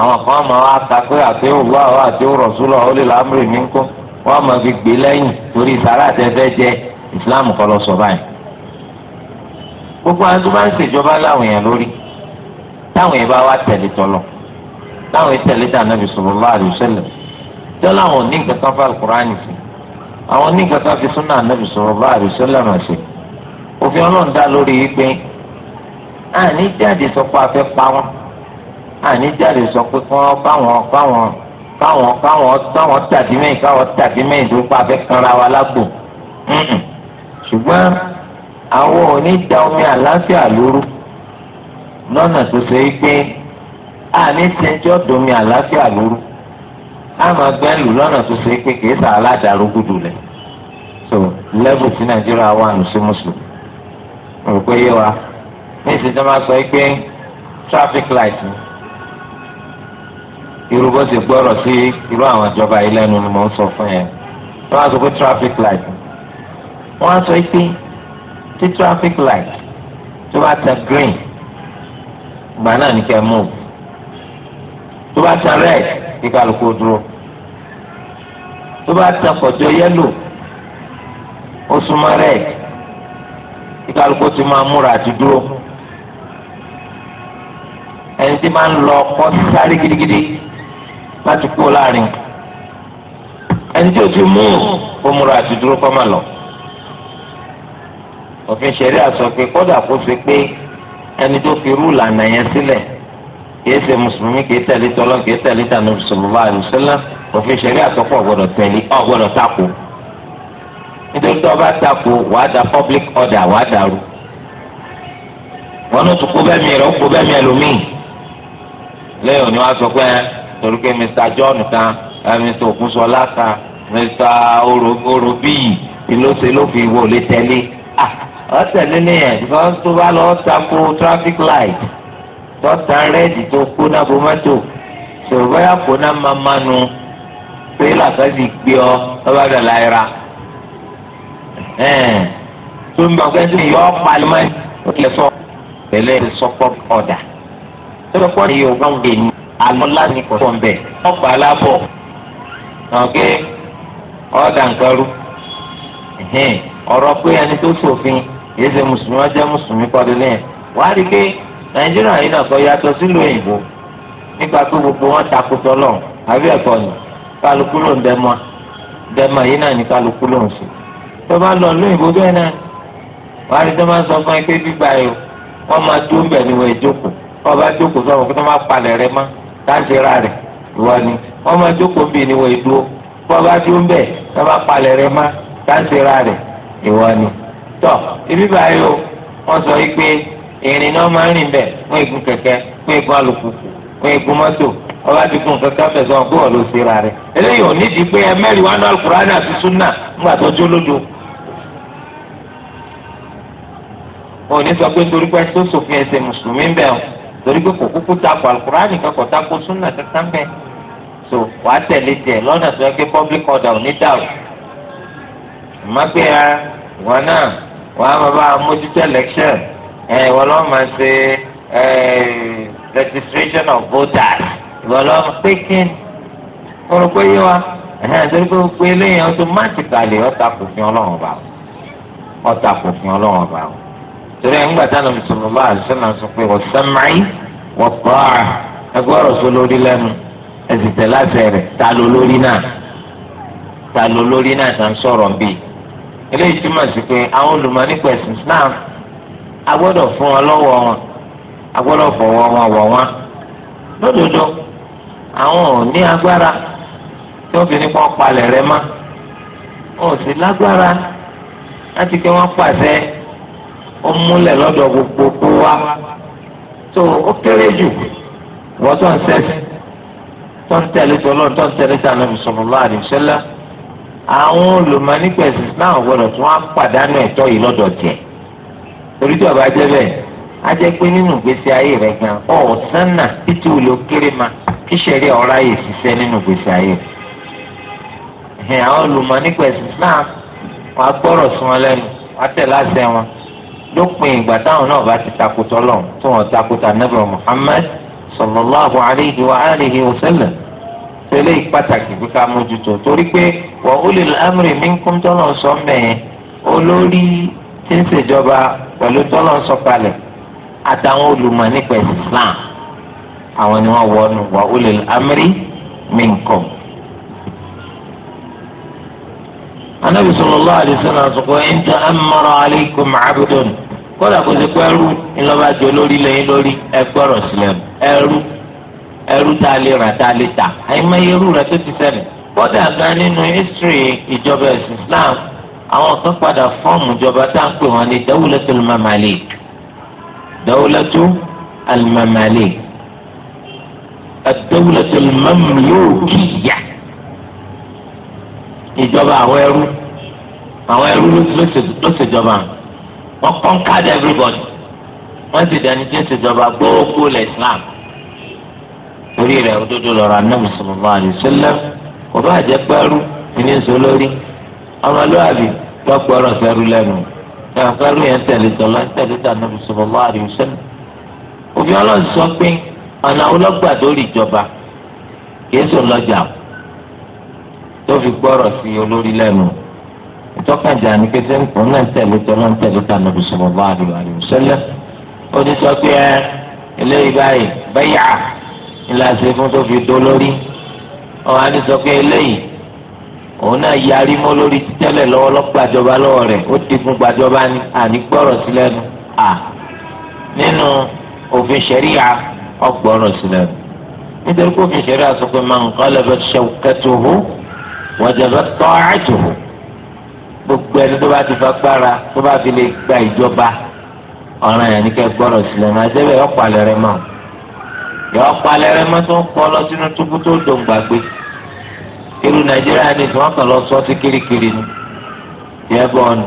àwọn kan máa wá ka pé àti òwú àwọn àti òrọ̀súlọ̀ ó lè lámìrì mí kó wọ́n máa fi gbé lẹ́yìn torí sàrà àtẹ́fẹ́ jẹ islam kọ́ lọ sọ báyìí gbogbo àwọn tó bá ń ṣèjọba láwọn èèyàn lórí táwọn yìí bá wá tẹ̀lé tọ́lọ̀ táwọn yìí tẹ̀lé tà nàbì sallallahu alaihi wasallam tọ́lá àwọn onígbà kan fà lùkùránì sí àwọn onígbà kan fi súnà nàbì sallallahu alaihi wasallam mà sí òfin ọlọ́run dá lórí yìí pé àní jáde sọ pé a fẹ́ pa wọn àní jáde sọ pé kí wọ́n fáwọn fáwọn káwọn káwọn káwọn tàbí mẹ́yìn káwọn tàbí mẹ́yìn tó pa fẹ́ kanra wa lágbo ṣùgbọ́n àwọn onídàá omi àlàáfíà lóru lọ́nà tó ṣe é pé àní tẹ́jọ́ domi àlàáfíà lóru àmọ́ gbẹ́lù lọ́nà tó ṣe é pé kìí sà aládàárú gùdù lẹ̀ so lẹ́bù tí nàìjíríà wà nù sí mùsùlùmí rò pé yé wa ní ìsìn máa sọ pé traffic light ni irú bó ti gbọ́rọ̀ sí irú àwọn ìjọba yìí lẹ́nu ni mò ń sọ fún yẹn wọ́n á sọ pé traffic light wọ́n á sọ pé tí traffic light tó bá tẹ green ìgbà náà ní kẹ́ mú tó bá tan red kí kálukú dúró tó bá tan kọjọ yẹlò ó súnmọ́ red kí kálukú ti máa múra àti dúró ẹni tí máa ń lọ ọkọ sáré gidigidi láti kú láàrin ẹni tí o ti mú ó múra àti dúró kọ́ máa lọ òfin ṣẹ̀rí àsọ kódà kó ṣe pé. ẹni tó fi irú ìlànà yẹn sílẹ̀ kìí ṣe mùsùlùmí kìí tẹ̀lé tọ́lọ́ kìí tẹ̀lé tànà mùsùlùmá àlùsọ́lá òfin ṣẹ̀rí àtọ́kọ̀ gbọ́dọ̀ tẹ̀lé ọ̀ tako nítorí tó o bá tako wàá da public order wàá dàrú wọn tún kó bẹ́ẹ̀ mi rẹ̀ ó kó bẹ́ẹ̀ mi ẹlòmíì lẹ́yìn òní wá sọ pé torí pé Mr John kan Mr kan Mr ọ̀tẹ̀lẹ̀ nìyẹn because tó bá lọ tako traffic light tọ́ta rẹ́ẹ̀dì tó kóná bọ́mọ́tò sọ̀rọ̀ bóyá kóná máa mánu tẹ́lá kan sì gbé ọ lọ́ba dà láyra tó ń bá ọgbẹ́ tó yọ ọ́ palimọ́ ó kì í sọ tẹ́lẹ̀ sọ́kọ́ ọ̀dà tẹ́lẹ̀ kọ́ ni yóò gbọ́n gbẹ̀ni alọ́ láti kọ́ sọ̀ bẹ́ẹ̀ ọ̀pọ̀ alábọ̀ ọ̀kẹ́ ọ̀dà nǹkan rú ọ̀rọ̀ pé ẹni tó ṣòfin yìí ṣe mùsùlùmí wọn jẹ́ mùsùlùmí kọ́dún lẹ́yìn wàá rí i pé nàìjíríà yìí náà sọ yàtọ̀ sílùú òyìnbó nípa pé gbogbo wọn takùtọ̀ lọ́hùn àbí ẹ̀kọ́ ni kálukú ló ń dẹ́mọ́ dẹ́mọ́ yìí náà ní kálukú ló ń sùn tó bá lọ lóyìn bó bẹ́ẹ̀ náà wàá rí i tó máa ń sọ fún ẹ pé bíbá yìí wọ́n máa tó ń bẹ̀ ní ìjókòó wọ́n jókòó sọ̀rọ̀ kí wọ́n tó ń tọ ibi báyìí o wọ́n sọ yìí pé ìrìn náà máa ń rìn bẹ̀ wọ́n ègún kẹ̀kẹ́ wọ́n ègún alùpùpù wọ́n ègún mọ́tò wọ́n bá ti kún kankan fẹ̀sọ̀ ọ̀gbọ́n ọ̀ ló ṣe ra rẹ̀ eléyìí ò ní di pé ẹmẹ́rì wà ní alukurani àti sunna ńgbà tó jó lójú. wọn ò ní sọ pé torí pé tó sòfin ẹsẹ̀ mùsùlùmí bẹ́ẹ̀ o torí pé kò kúkú takò alukurani kankan takò sunna kankan bẹ́ẹ̀ so wàá tẹ̀lé tiẹ̀ lọ́nà tó yẹ pé public order ò ní dà o. ìmọ̀ pé ẹ wọn náà wọn á bàbá mójútó election ẹ wọn lọ máa ṣe registration of voters wọn lọ pé kí ni wọn rò pé yé wa ẹhẹn torí pé gbogbo eléyìí ọtún máàtìkàlì ọta kò fi Ọlọ́run bá o ọta kò fi Ọlọ́run bá o torí ẹ ńgbà táwọn mùsùlùmí bá àṣẹ náà sọ pé ọ̀sán máì wọ́n pọ̀ á ẹgbẹ́ ọ̀rọ̀ sọ lórí lẹ́nu ẹ̀sìn tẹ̀ láti rẹ̀ ta ló lórí náà ta ló lórí náà tá sọ̀rọ̀ bíi eléyìí túmọ̀ sí pé àwọn olùmọ̀ ẹ̀sìn Islam a gbọ́dọ̀ fún wọn lọ́wọ́ wọn a gbọ́dọ̀ fọwọ́ wọn wọ̀ wọn lódodo àwọn ò ní agbára tí wọ́n fi ní kó rẹ mọ́ wọn ò sì lágbára láti pé wọ́n pàṣẹ ó múlẹ̀ lọ́dọ̀ gbogbo kó wá tó ó kéré jù wọ́n tó ń sẹ́sì tó ń tẹ̀lé tó lọ́n tó ń tẹ̀lé tó ànábì sallallahu alaihi wasallam. àwọn olùmọ̀ nípa ẹ̀sìn Islam gbọ́dọ̀ tí wọ́n á pàdánù ẹ̀tọ́ yìí lọ́dọ̀ tiẹ̀ torí ọba jẹ́ bẹ́ẹ̀ á jẹ́ pé nínú ìgbésí ayé rẹ̀ gan ọ̀sán náà títí kéré ma kí sẹ́rí ọ̀rá yìí ṣiṣẹ́ nínú ìgbésí ayé rẹ̀ àwọn gbọ́rọ̀ sí wọn lẹ́nu tẹ̀ láṣẹ wọn lópin ìgbà táwọn náà bá ti tí wọ́n tẹ̀lé pàtàkì kí ká mójútó torí pé wọ́n ó lè lámìrì mí kún tọ́lọ̀ sọ mẹ́ẹ̀ olórí tí ń ṣèjọba pẹ̀lú tọ́lọ̀ sọ kalẹ̀ àtàwọn olùmọ̀ nípa Islam àwọn ni wọ́n wọ́nu wọ́n ó lè lámìrì mí kún. anabi sallallahu alaihi wasallam sọ pé ń tẹ amara aleikum abudun kódà kò sí pé ẹrú ńlọba jọ lórí lẹ́yìn sílẹ̀ ẹrú ẹrú tá a lè rà tá a lè tà àyìnbá irú rẹ̀ tó ti ṣẹlẹ̀ bọ́dà gan nínú history ìjọba ẹ̀sìn Islam àwọn kan padà fọ́ọ̀mù ìjọba tá à ń pè wọ́n ní dawlatul mamalik dawlatul mamalik ad-dawlatul mamlukiyya ìjọba àwọn ẹrú àwọn ẹrú ló ṣèjọba wọn conquered everybody wọ́n sì dání tí ó ṣèjọba gbogbo ilẹ̀ Islam orí rẹ̀ òdodo lọ́rọ̀ anábì sallallahu alaihi wasallam kò bá jẹ́ pẹ́rú ní sọ lórí ọmọlúwàbí lọ́pọ̀ọ́rọ̀ sẹ́rú lẹ́nu ẹ̀fẹ́rú yẹn tẹ̀lé tọ́lá tẹ̀lé tànábì sallallahu alaihi wasallam òfin ọlọ́run sọ pé ọ̀nà ọlọ́gbà lórí ìjọba kìí sọ lọ́jà tó fi gbọ́rọ̀ sí olórí lẹ́nu ìtọ́kànjà ní kété ńkọ́ náà tẹ̀lé tọ́lá tẹ̀lé tànábì sallallahu alaihi wasallam ó ní sọ pé ẹ eléyìí báyìí bẹ́yà ńlá ṣe fún tó fi dó lórí ọ̀hún á ní sọ pé eléyìí òun náà yarí mọ́ lórí títẹ́lẹ̀ lọ́wọ́ lọ́gbàjọba lọ́wọ́ rẹ̀ ó ti fún gbàjọba ní àní gbọ́rọ̀ sí lẹ́nu à nínú òfin ṣẹ̀ríà ọgbọ́rọ̀ sí lẹ́nu nítorí pé òfin ṣẹ̀ríà sọ pé man qalabat shawkatuhu wajabat ta'atuhu gbogbo ẹni tó bá ti fa gbára tó bá fi lè gba ìjọba ọ̀ràn yẹn ní kẹ́ gbọ́rọ̀ sí lẹ́nu àti ẹ̀bẹ̀ ọ̀pọ̀ àlẹ́ rẹ̀ mọ́ yọ palẹ̀ rẹ mọ́tò ń pọ̀ lọ sínú túbú tó dùn gbàgbé irú nàìjíríà ni tí wọ́n kàn lọ sọ sí kirikiri ni tiẹ́ bọ̀ ọ̀nà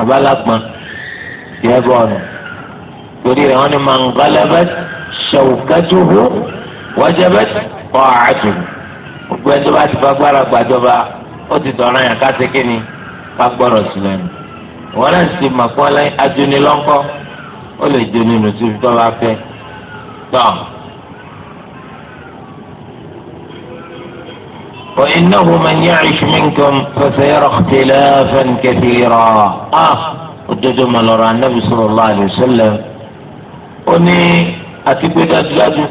abalagbọ̀n tiẹ́ bọ̀ ọ̀nà torí rẹ̀ wọ́n ní mangalabẹ́t ṣèwùkẹ́tùhù wọ́jẹ́bẹ́t ọ̀hàtùhù gbogbo ẹni tó bá ti fagbára gbàjọba ó ti dọ̀rọ̀ yàn ká ṣe kíni ká gbọ́rọ̀ sí lẹ́nu wọn náà ti mọ̀ pọ́n lẹ́yìn adúnilọ́ńkọ́ ó lè jó nínú tó bá fẹ́ tán. وإنه من يعش منكم فسيرى اختلافا كثيرا آه ودودو مالورا النبي صلى الله عليه وسلم أني أتيكو دادلاجو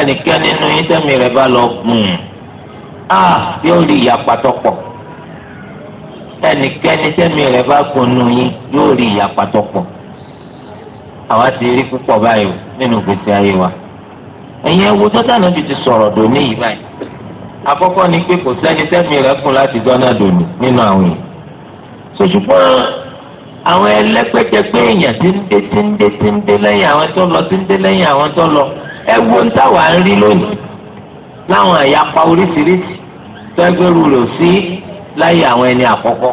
أني كان إنه يدمي ربالو آه يولي يا باتوكو ẹnikẹ́ni tẹ́mi rẹ̀ bá kunu yín yóò rí ìyapa tó pọ̀ àwa ti rí púpọ̀ báyìí nínú gbèsè ayé wa ẹ̀yin ẹ̀wò tó dáná ti sọ̀rọ̀ dòní yìí báyìí àkọ́kọ́ ni pé kò sẹ́ni sẹ́mi rẹ̀ kún láti gbọ́nà dòní nínú àwọn yìí. sòṣùpọ̀n àwọn ẹlẹ́pẹ̀tẹ̀pẹ̀ èèyàn ti ń dé ti ń dé ti ń dé lẹ́yìn àwọn tó lọ ti ń dé lẹ́yìn àwọn tó lọ ẹ wo ń táwa ń rí lónìí láwọn àyàpá oríṣiríṣi tẹ́gbẹ́rù rò sí láyé àwọn ẹni àkọ́kọ́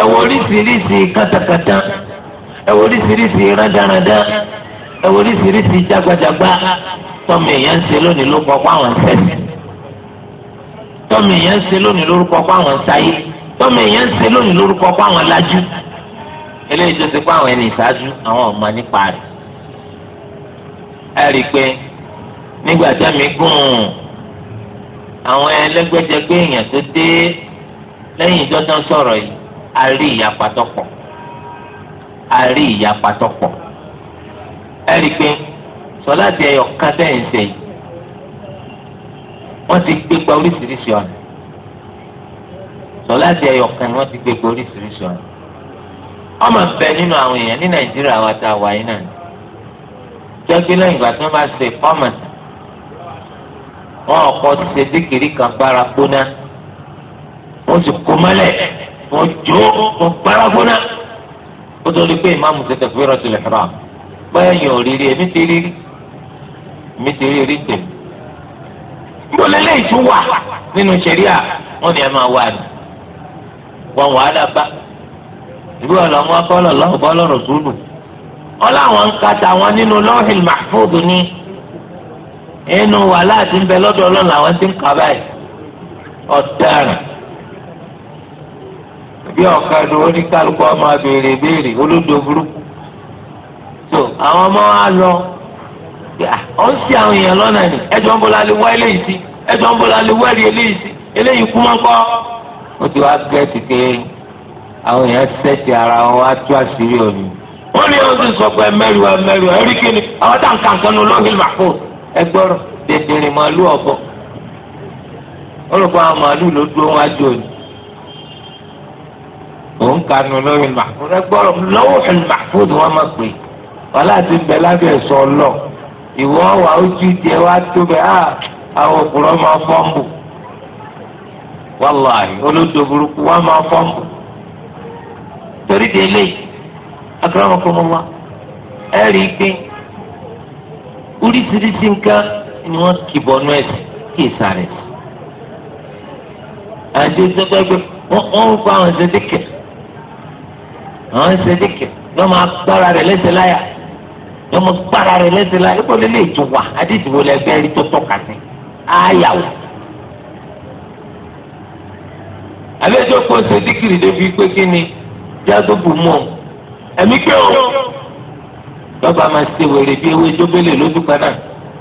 ẹ wo oríṣiríṣi kátàkátà ẹ wo oríṣiríṣi rádaràdá ẹ wo oríṣiríṣi jágbajàgba tọ́mọ èèyàn ń ṣe lónìí ló kọ́ pé àwọn ń sẹ́sìn tọ́mọ èèyàn ń ṣe lónìí lórúkọ pé àwọn ń sáyé tọ́mọ èèyàn ń ṣe lónìí lórúkọ pé àwọn lajú eléyìí tó ti pé àwọn ẹni ìṣáájú àwọn ọmọ nípa rẹ̀ ẹ rí i pé nígbà tẹ́mi gùn àwọn ẹlẹ́gbẹ́jẹgbẹ́ èèyàn tó dé lẹ́yìn ìjọ́tán sọ̀rọ̀ yìí a rí ìyapa tó a rí ìyapa tó ẹ rí i pé sọlá ti ẹyọ kan tẹ̀ ń wọ́n ti gbé gba oríṣiríṣi ọ̀nà sọlá ti ẹyọ kan wọ́n ti gbé gba oríṣiríṣi ọ̀nà ọmọ bẹ nínú àwọn èèyàn ní nàìjíríà wa ta wà yín náà jẹ́gbé lẹ́yìn ìgbà tí wọ́n bá ṣe fọ́ọ̀mù wọn ọkọ ṣe díkìrí kan gbára gbóná wọ́n sì kó mọ́lẹ̀ wọ́n jó wọ́n gbára gbóná ó torí pé ìmáàmù ṣe tẹ̀fẹ́ rọ̀ tilẹ̀ fúnra bẹ́ẹ̀ yàn ò èmi ti rírí èmi ti rírí tèmi níbo lélẹ́ ìtú wà nínú sẹ̀ríà wọ́n ní ẹ máa wà ní. wọn wàhálà bá ìlú ọ̀lọ́ wọn kọ́ lọ́wọ́ bọ́ lọ́rọ̀ sùúrù wọn láwọn ń ka tàwọn nínú lọ́hìn mahfud ni inú wàhálà ti ń bẹ lọ́dọ̀ ọlọ́run làwọn ti ń kà báyìí ọ̀daràn bí ọ̀kadà oníkálukú ọmọ abèrè béèrè olódò burúkú tó àwọn ọmọ wa lọ ọ̀ ń ṣe àwọn èèyàn lọ́nà ni ẹjọ́ ń bọ́lá lè wá eléyìí sí ẹjọ́ ń bọ́lá lè wẹ́rì eléyìí sí eléyìí kú mọ́kọ́. ó ti wá gẹ́sì pé àwọn èèyàn sẹ́ẹ̀tì ara wọn wá tú àṣírí òní. wọ́n ní oṣù sọ pé mẹ́rìwá mẹ́rìwá ẹ̀rí kí ni àwọn tá à ń kà nǹkan nu lóhìn màkó ẹgbọ́rọ̀ dèdèrè màálù ọ̀bọ. olùkọ́ àwọn màálù ló dúró wá jò ní. òun kà nu lóhìn màkó ẹgbọ́rọ̀ ìwọ wà ojú tiẹ̀ wá tó bẹ á ah, àwọn òkúrọ máa fọmbù wàláhì olódò burúkú wà máa fọmbù torí délé akọrọmọkọmọwá ẹ rí i pé oríṣiríṣi nǹkan ni wọn kì bọnú ẹsẹ kì í sáré àti ìsọgbẹgbẹ wọn ń fa àwọn ìṣẹdíkẹ àwọn ìṣẹdíkẹ lọ́mọ agbára rẹ̀ lẹ́sẹ̀ láyà ẹ mọ para rẹ lẹsẹ la ẹkọ lè lè tó wa àdìsí wo lẹ fẹẹ rí tó tọ́ka sí àyà o. àlejò kò ṣe díkìrì débi pé kí ni jáde bù mọ ẹmí pé o lọba máa ṣe wèrè bí ewé jóbélé lójú padà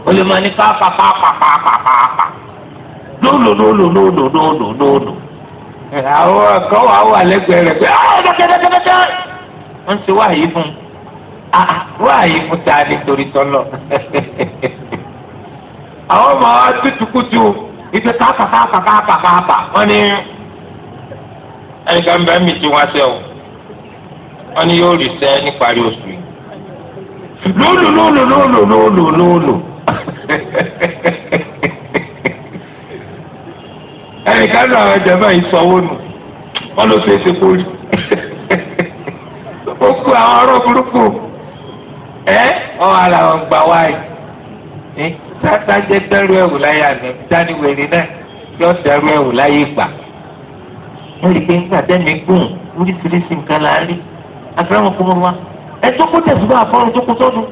ó lè máa ní káfà káfà káfà káfà lóòlò lóòlò lóòlò lóòlò lóòlò àwọn kan wà wà lẹ́gbẹ̀ẹ́ rẹ pé ah dẹkẹdẹkẹdẹkẹ wọn ti wá yìí fún un àbúrò ah, àyè fún ta nítorí tọ́lọ̀ àwọn ọmọ wa tutukutu ife kápákápákápákápá wọn ni ẹnìkan bẹ́ẹ̀ mi ti wá sẹ́ o wọn ni yóò rí sẹ́ níparí oṣù yìí lóòlò lóòlò lóòlò lóòlò lóòlò ẹnìkan náà àwọn ìjọba yìí sọwọ́ nù wọn ló ṣeé ṣe kórìí ó kú àwọn ọ̀rọ̀ burúkú ẹ ọ ara wọn gba wáyé ní tata jẹ dẹrù ẹwù láyé àná dání wèrè náà yọ dẹrù ẹwù láyé gbà ẹrí pé nígbà tẹmí gùn oríṣiríṣi nǹkan là ń rí àfẹ́ràn fún wọn wá ẹ tó kó tẹ̀síwá àfọ́rùn tó kó sọ́run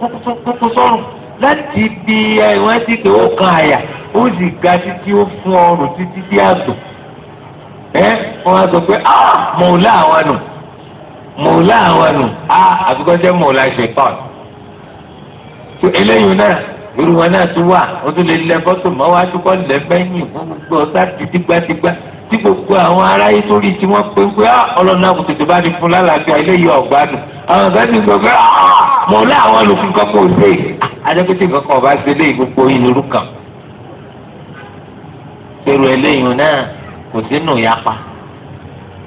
tó kó sọ́run láti di ẹ̀wọ̀n ti pé ó kan àyà ó sì ga títí ó fún ọrùn títí dí àgbò ẹ wọn á sọ pé ah, mọ̀ọ́lá àwọn nù mọ̀ọ́lá àwọn nù á ah, àbíkọ́ jẹ́ mọ̀ọ́lá ṣe pọ́ùn eléyìí náà irú wọn náà tún wà ó tún lè lẹ fọ́tò mọ́ wá tún kọ́ lẹ fẹ́yìn fún gbogbo ọ̀sá tìtìgbàtìgbà tí gbogbo àwọn aráyé tó rí tí wọ́n pé pé ah, ọlọ́run náà kò tètè bá ní fún lálàáfíà eléyìí ọ̀gbádùn àwọn ọ̀gá ti sọ pé ah, mọ̀ ọ́ láwọn olùkún kan kò dé adékòtì kankan ọba ṣe lé gbogbo ìnirú kan pẹ̀lú eléyìí náà kò sí nù yapa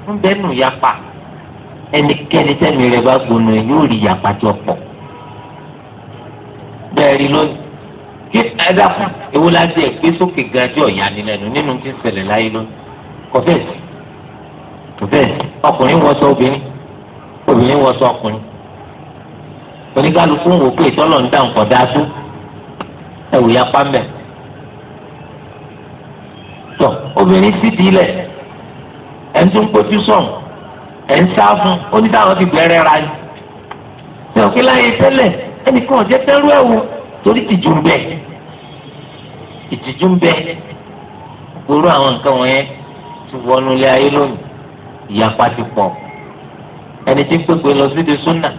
ń bẹ́ nù yapa ẹnikẹ́ni tẹ́nu rẹ̀ bá gbóná yóò rí yapa tó pọ̀ bẹ́ẹ̀rí lónìí kí ẹ̀dá fún ewu láti ẹ̀ gbé sókè gajọ́ ọ̀yanilẹ́nu nínú tí ń ṣẹlẹ̀ láyé lónìí kò bẹ́ẹ̀ sí kò bẹ́ẹ̀ sí ọkùnrin wọṣọ obìnrin obìnrin wọṣọ ọkùnrin oníkálukú ń wò pé ìtọ́lọ̀ ń dá nǹkan dá tó ẹ̀wù ya pàmbẹ́ tọ obìnrin sì dílẹ̀ ẹ̀ ń tún kójú sọ̀n ẹ̀ ń sá fún oníkàwọn ti bẹ̀rẹ̀ ra ni ṣé òkè láyé tẹ́lẹ̀ ẹnìkan ọ̀jẹ́ tẹ́rú ẹ̀ wò torí tìjú ń bẹ ìtìjú ń bẹ gbòòrò àwọn nǹkan wọ̀nyẹn ti wọnú ilé ayé lónìí ìyapa ti pọ̀ ẹni tí ń pèpè lọ sí di súnà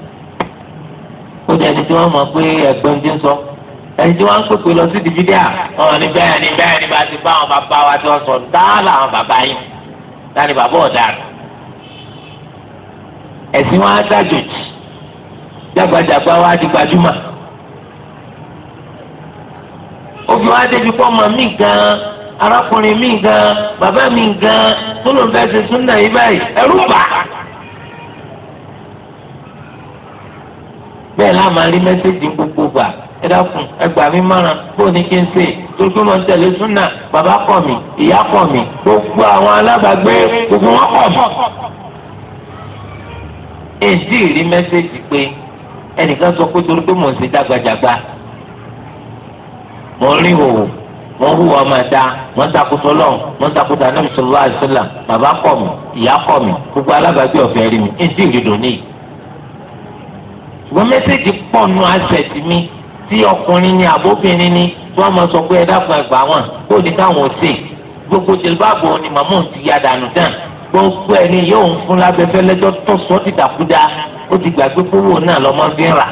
ó di ẹni tí wọ́n mọ̀ pé ẹ̀gbọ́n ti ń sọ ẹni tí wọ́n ń pèpè lọ sí di fídíà ọ̀hún ni bẹ́ẹ̀ ni bẹ́ẹ̀ ni bá ti bá àwọn bàbá wa tí wọ́n sọ dáa làwọn bàbá yìí dáa ni bàbá ọ̀daràn ẹ̀sìn wọn á dájòjì dàgbàdàgbà wa di gbajúmọ̀ òfin wa débi pọ́ mọ̀ mí gan arákùnrin mi gan bàbá mi gan tó ló ń fẹ́ ṣe súnà yìí báyìí ba. bà á. bẹ́ẹ̀ láà máa rí mẹ́sẹ́jì gbogbo gbà ẹ dákun ẹgbà mi márùn bó ní kí n ṣe torí pé mo ń tẹ̀lé súnà bàbá kọ̀ ìyá kọ̀ mí gbogbo àwọn alábàágbé gbogbo wọn kọ̀ mí. èdè rí mẹ́sẹ́jì pé ẹnìkan sọ pé torí pé mò ń ṣe dàgbàjàgbà mò ń rí ìhòòhò mò ń hùwà ọmọ ẹ̀dá mò ń takùtò lọ́hùn mò ń takùtò anábì sọlá àṣìlá bàbá kọ̀ mí ìyá kọ̀ mí gbogbo alábàágbé ọ̀fẹ́ rí mi ní ti ìrìndò níyì. ṣùgbọ́n mẹ́sẹ̀gì pọ̀ nù asẹ̀t mi tí ọkùnrin ni àbóbìnrin ni tí wọ́n máa sọ pé ẹ̀dá fún ẹgbàá wọn kó ní káwọn ò sè gbogbo jìlbáàbò ó ti gbàgbé kówó náà lọ́mọ fi ń rà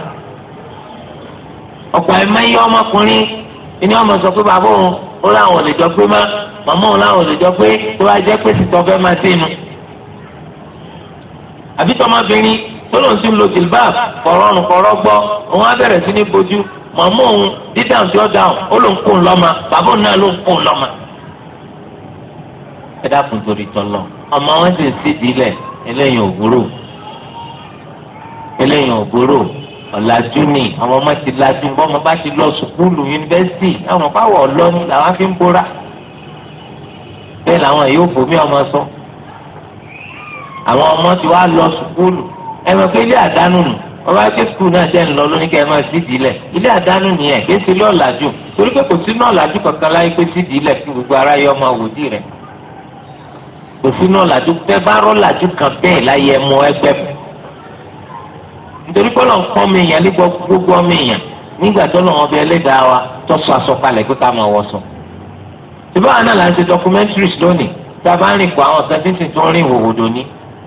ọ̀pọ̀ ẹ̀mọ́ yẹ ọmọkùnrin ìní ọmọ sọ pé bàbá òun ó láwọn ò lè jọ pé má màmá òun láwọn ò lè jọ pé tó bá jẹ́ pé sì tọ́fẹ́ máa ṣe nu. àbí tọmọbìnrin tó lòun sì ń lo jilbab kọ̀rọ̀ ọ̀rùn kọ̀rọ̀ gbọ́ òun á bẹ̀rẹ̀ sí ní bojú màmá òun dídáhùn tí ó dáhùn ó lòun kò ń lọ́mọ bàbá òun náà ló ń kò ń lọ́mọ ẹ dákun torí tọlọ ọmọ wọn sì ń sídìí lẹ eléyìí ò gbòòrò ọ̀làjú ni àwọn ọmọ ti lajú bọ́ ọmọ bá ti lọ sùkúlù yunifásitì àwọn báwọ̀ ọlọ́ni làwọn fi ń bora bẹ́ẹ̀ làwọn yóò fòmí ọmọ sọ àwọn ọmọ ti wá lọ sùkúlù ẹ mọ̀ pé ilé àdánù nù ọba ké sùkúlù náà jẹ́ ńlọ lóní kẹ́ ẹ máa sí ìdílẹ̀ ilé àdánù nìyẹn kí n ti lé ọ̀làjú torí pé kò sínú ọ̀làjú kankan láyé pé sí ìdílẹ̀ kí gbogbo ara yọ ọmọ àwòdì rẹ̀ kò sínú ọ̀làjú bẹ́ẹ̀ bá rọ́ọ̀làjú kan bẹ́ẹ̀ láyé ẹ mọ ẹgbẹ́ mi nítorí kọ́lọ̀ ń pọ́n mi èèyàn ní gbogbo ọmọ èèyàn nígbà tó lọ́wọ́ bí ẹlẹ́dàá wa tó sọ àsọkalẹ̀ pé ká máa wọ̀sùn. ìbára náà là ń ṣe documentaries lónìí tá a bá ń rìn pọ̀ àwọn ọ̀sẹ̀ títí tó ń rìn òwòdò ní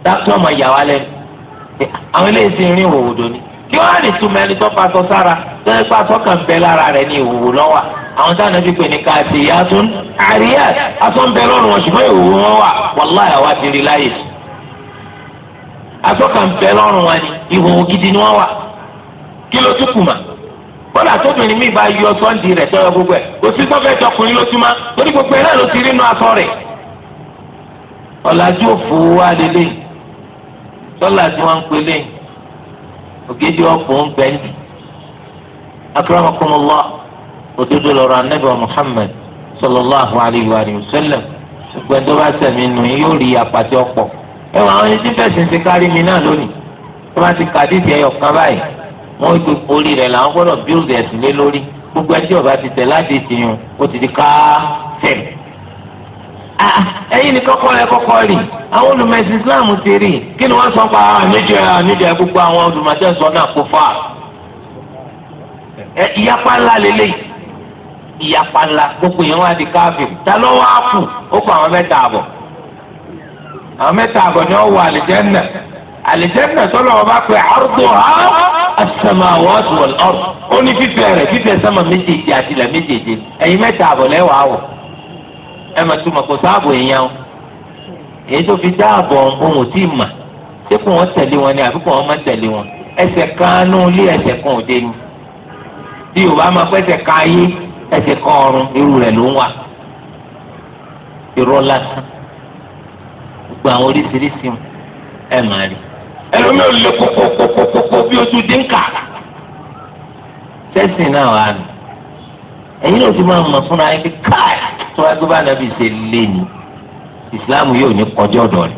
dákítọ́ ọmọ ìyá wa lẹ́nu àwọn eléyìí sì ń rìn òwòdò ní. kí wọ́n á lè túmọ̀ ẹni tó fasọ sára tó ẹ pa sọ́kàn bẹ lára rẹ̀ ní ìwòwò lọ́wà àwọn táwọn ẹbí pè ní káàtì ìyá tó ń àríyá asọ́ lọ́rùn wọn ṣùgbọ́n ìwòwò wọn wà wàláhì àwa ti rí láyè sí. asọ́kà ka bẹ lọ́rùn wa ni ìhòòhò gidi ni wà kí ló tún yọ gbogbo tọkùnrin ló tún má torí gbogbo náà ló ti rí inú òfò wa lélẹ̀ sọ́là tí wọ́n ń pè lé ògidì ọ̀pọ̀ ń bẹ̀ ní. akramakumullah òdodo lọ́rọ̀ anábẹ́ muhammed sallallahu alayhi wa sallam ṣùgbọ́n tó bá sẹ̀mí nù yóò rí ẹ wọ àwọn ẹni tí fẹ̀sìn ti kárí mi náà lónìí tó bá ti kàdíìsì ẹyọ kan báyìí wọn ti orí rẹ̀ làwọn gbọ́dọ̀ bíúdì ẹ̀sìn lé lórí gbogbo ẹtí ọba ti tẹ̀ láti ìsìn ó ti di káfẹ́. Ah, ah, ẹ̀yin ni kọ́kọ́ rẹ kọ́kọ́ rì àwọn olùmọ̀ẹ̀sìn Islam ti rì kí ni wọ́n sọ pa nídìí ẹ̀ nídìí ẹ̀ gbogbo àwọn olùmọ̀ẹ̀sìn sọ náà kó fà. ìyapa ńlá lélẹ̀ ìyapa ńlá gbogbo yẹn wá di káfẹ́ ta ló wá kù ó kọ àwọn mẹ́ta àbọ̀ àwọn mẹ́ta àbọ̀ ni wọ́n wọ àlìjẹ́nà àlìjẹ́nà sọ́lọ́ ọba pé àrùtò ha as-samawati wal-ard ó ní fífẹ́ rẹ̀ fífẹ́ sánmà méjèèjì àti ilẹ̀ méjèèjì ẹ̀yin mẹ́ta àbọ̀ lẹ́wàá wọ̀ ẹ mà túmọ̀ kò sáàbò èèyàn o èyí tó fi dáàbò ohun tí ì mà ṣé kò wọ́n tẹ̀lé wọn ni àbí kò wọ́n má tẹ̀lé wọn ẹsẹ̀ kan nù lé ẹsẹ̀ kan òde ni gbogbo àwọn oríṣiríṣi ẹ máa rí. ẹlòmí ò lè kókókókókó bí ojú dínkà. sẹ́sì náà wà nù ẹ̀yin náà ti máa mọ̀ fúnra yín pé káà tó wá gbé bá nàbì ṣe lé ní ìsìláàmù yóò ní kọjọ́ ọ̀dọ̀ rẹ̀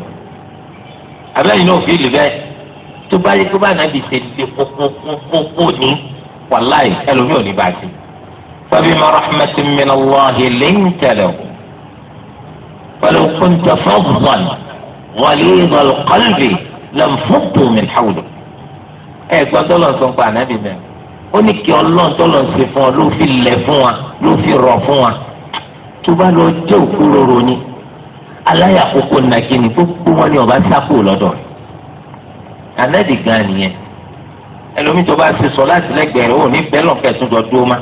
abẹ́yìn náà fi lè bẹ́ẹ̀ tó bá yẹ kó bá nàbì ṣe lé kókókókó ní wàláì ẹlòmí ò ní bá ti. فبما رحمة من الله لنت له ولو كنت فظا غليظ القلب لانفضوا من حوله ẹ gbọ́ tọ́lọ̀ sọ pa ànábì bẹ́ẹ̀ ó ní kí ọlọ́run tọ́lọ̀ ṣe fún ọ ló fi lẹ̀ fún wa ló fi rọ̀ fún wa tó bá lọ jẹ́ òkú roro ni aláyàkókò nàkíní gbogbo wọn ni ọba sákò lọ́dọ̀ rẹ̀ ànábì gan nìyẹn ẹlòmíì tó bá ṣe sọ láti lẹ́gbẹ̀ẹ́ rẹ̀ ó ní bẹ́lọ̀ kẹsùn jọ dúró má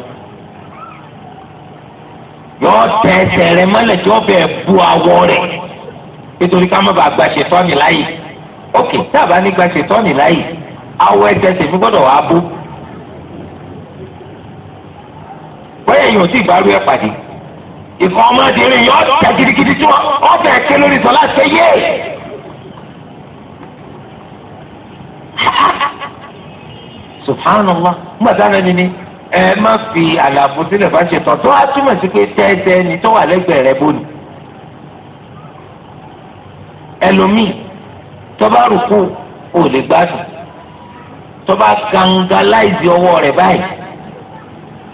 yọ tẹ ẹsẹ̀ rẹ̀ mọ́lẹ̀ tí wọ́n fẹ́ bu awọ rẹ̀ nítorí ká má bàa gba ṣètọ́nì láàyè ok tá a bá ní gba ṣètọ́nì láàyè awọ ẹsẹ̀ tèmi gbọ́dọ̀ wá bó bóyá èèyàn ò tí ì bá rú ẹ pàdé ìkan ọmọdéèrè yọ ọjà gidigidi tí wọn ọbẹ̀ ẹ̀kẹ́ lórí sọlá ṣe yé subhanallah mbàdá náà ni ni ẹ má fi àlàfo sílẹ̀ fà ṣètọ́ tó a túmọ̀ sí pé tẹ́tẹ́ ni tó wà lẹ́gbẹ̀ẹ́ rẹ bóni. Elomi, tọ́ba rúkú ò lè gbádùn tọ́ba gàǹgà láìsí ọwọ́ rẹ̀ báyìí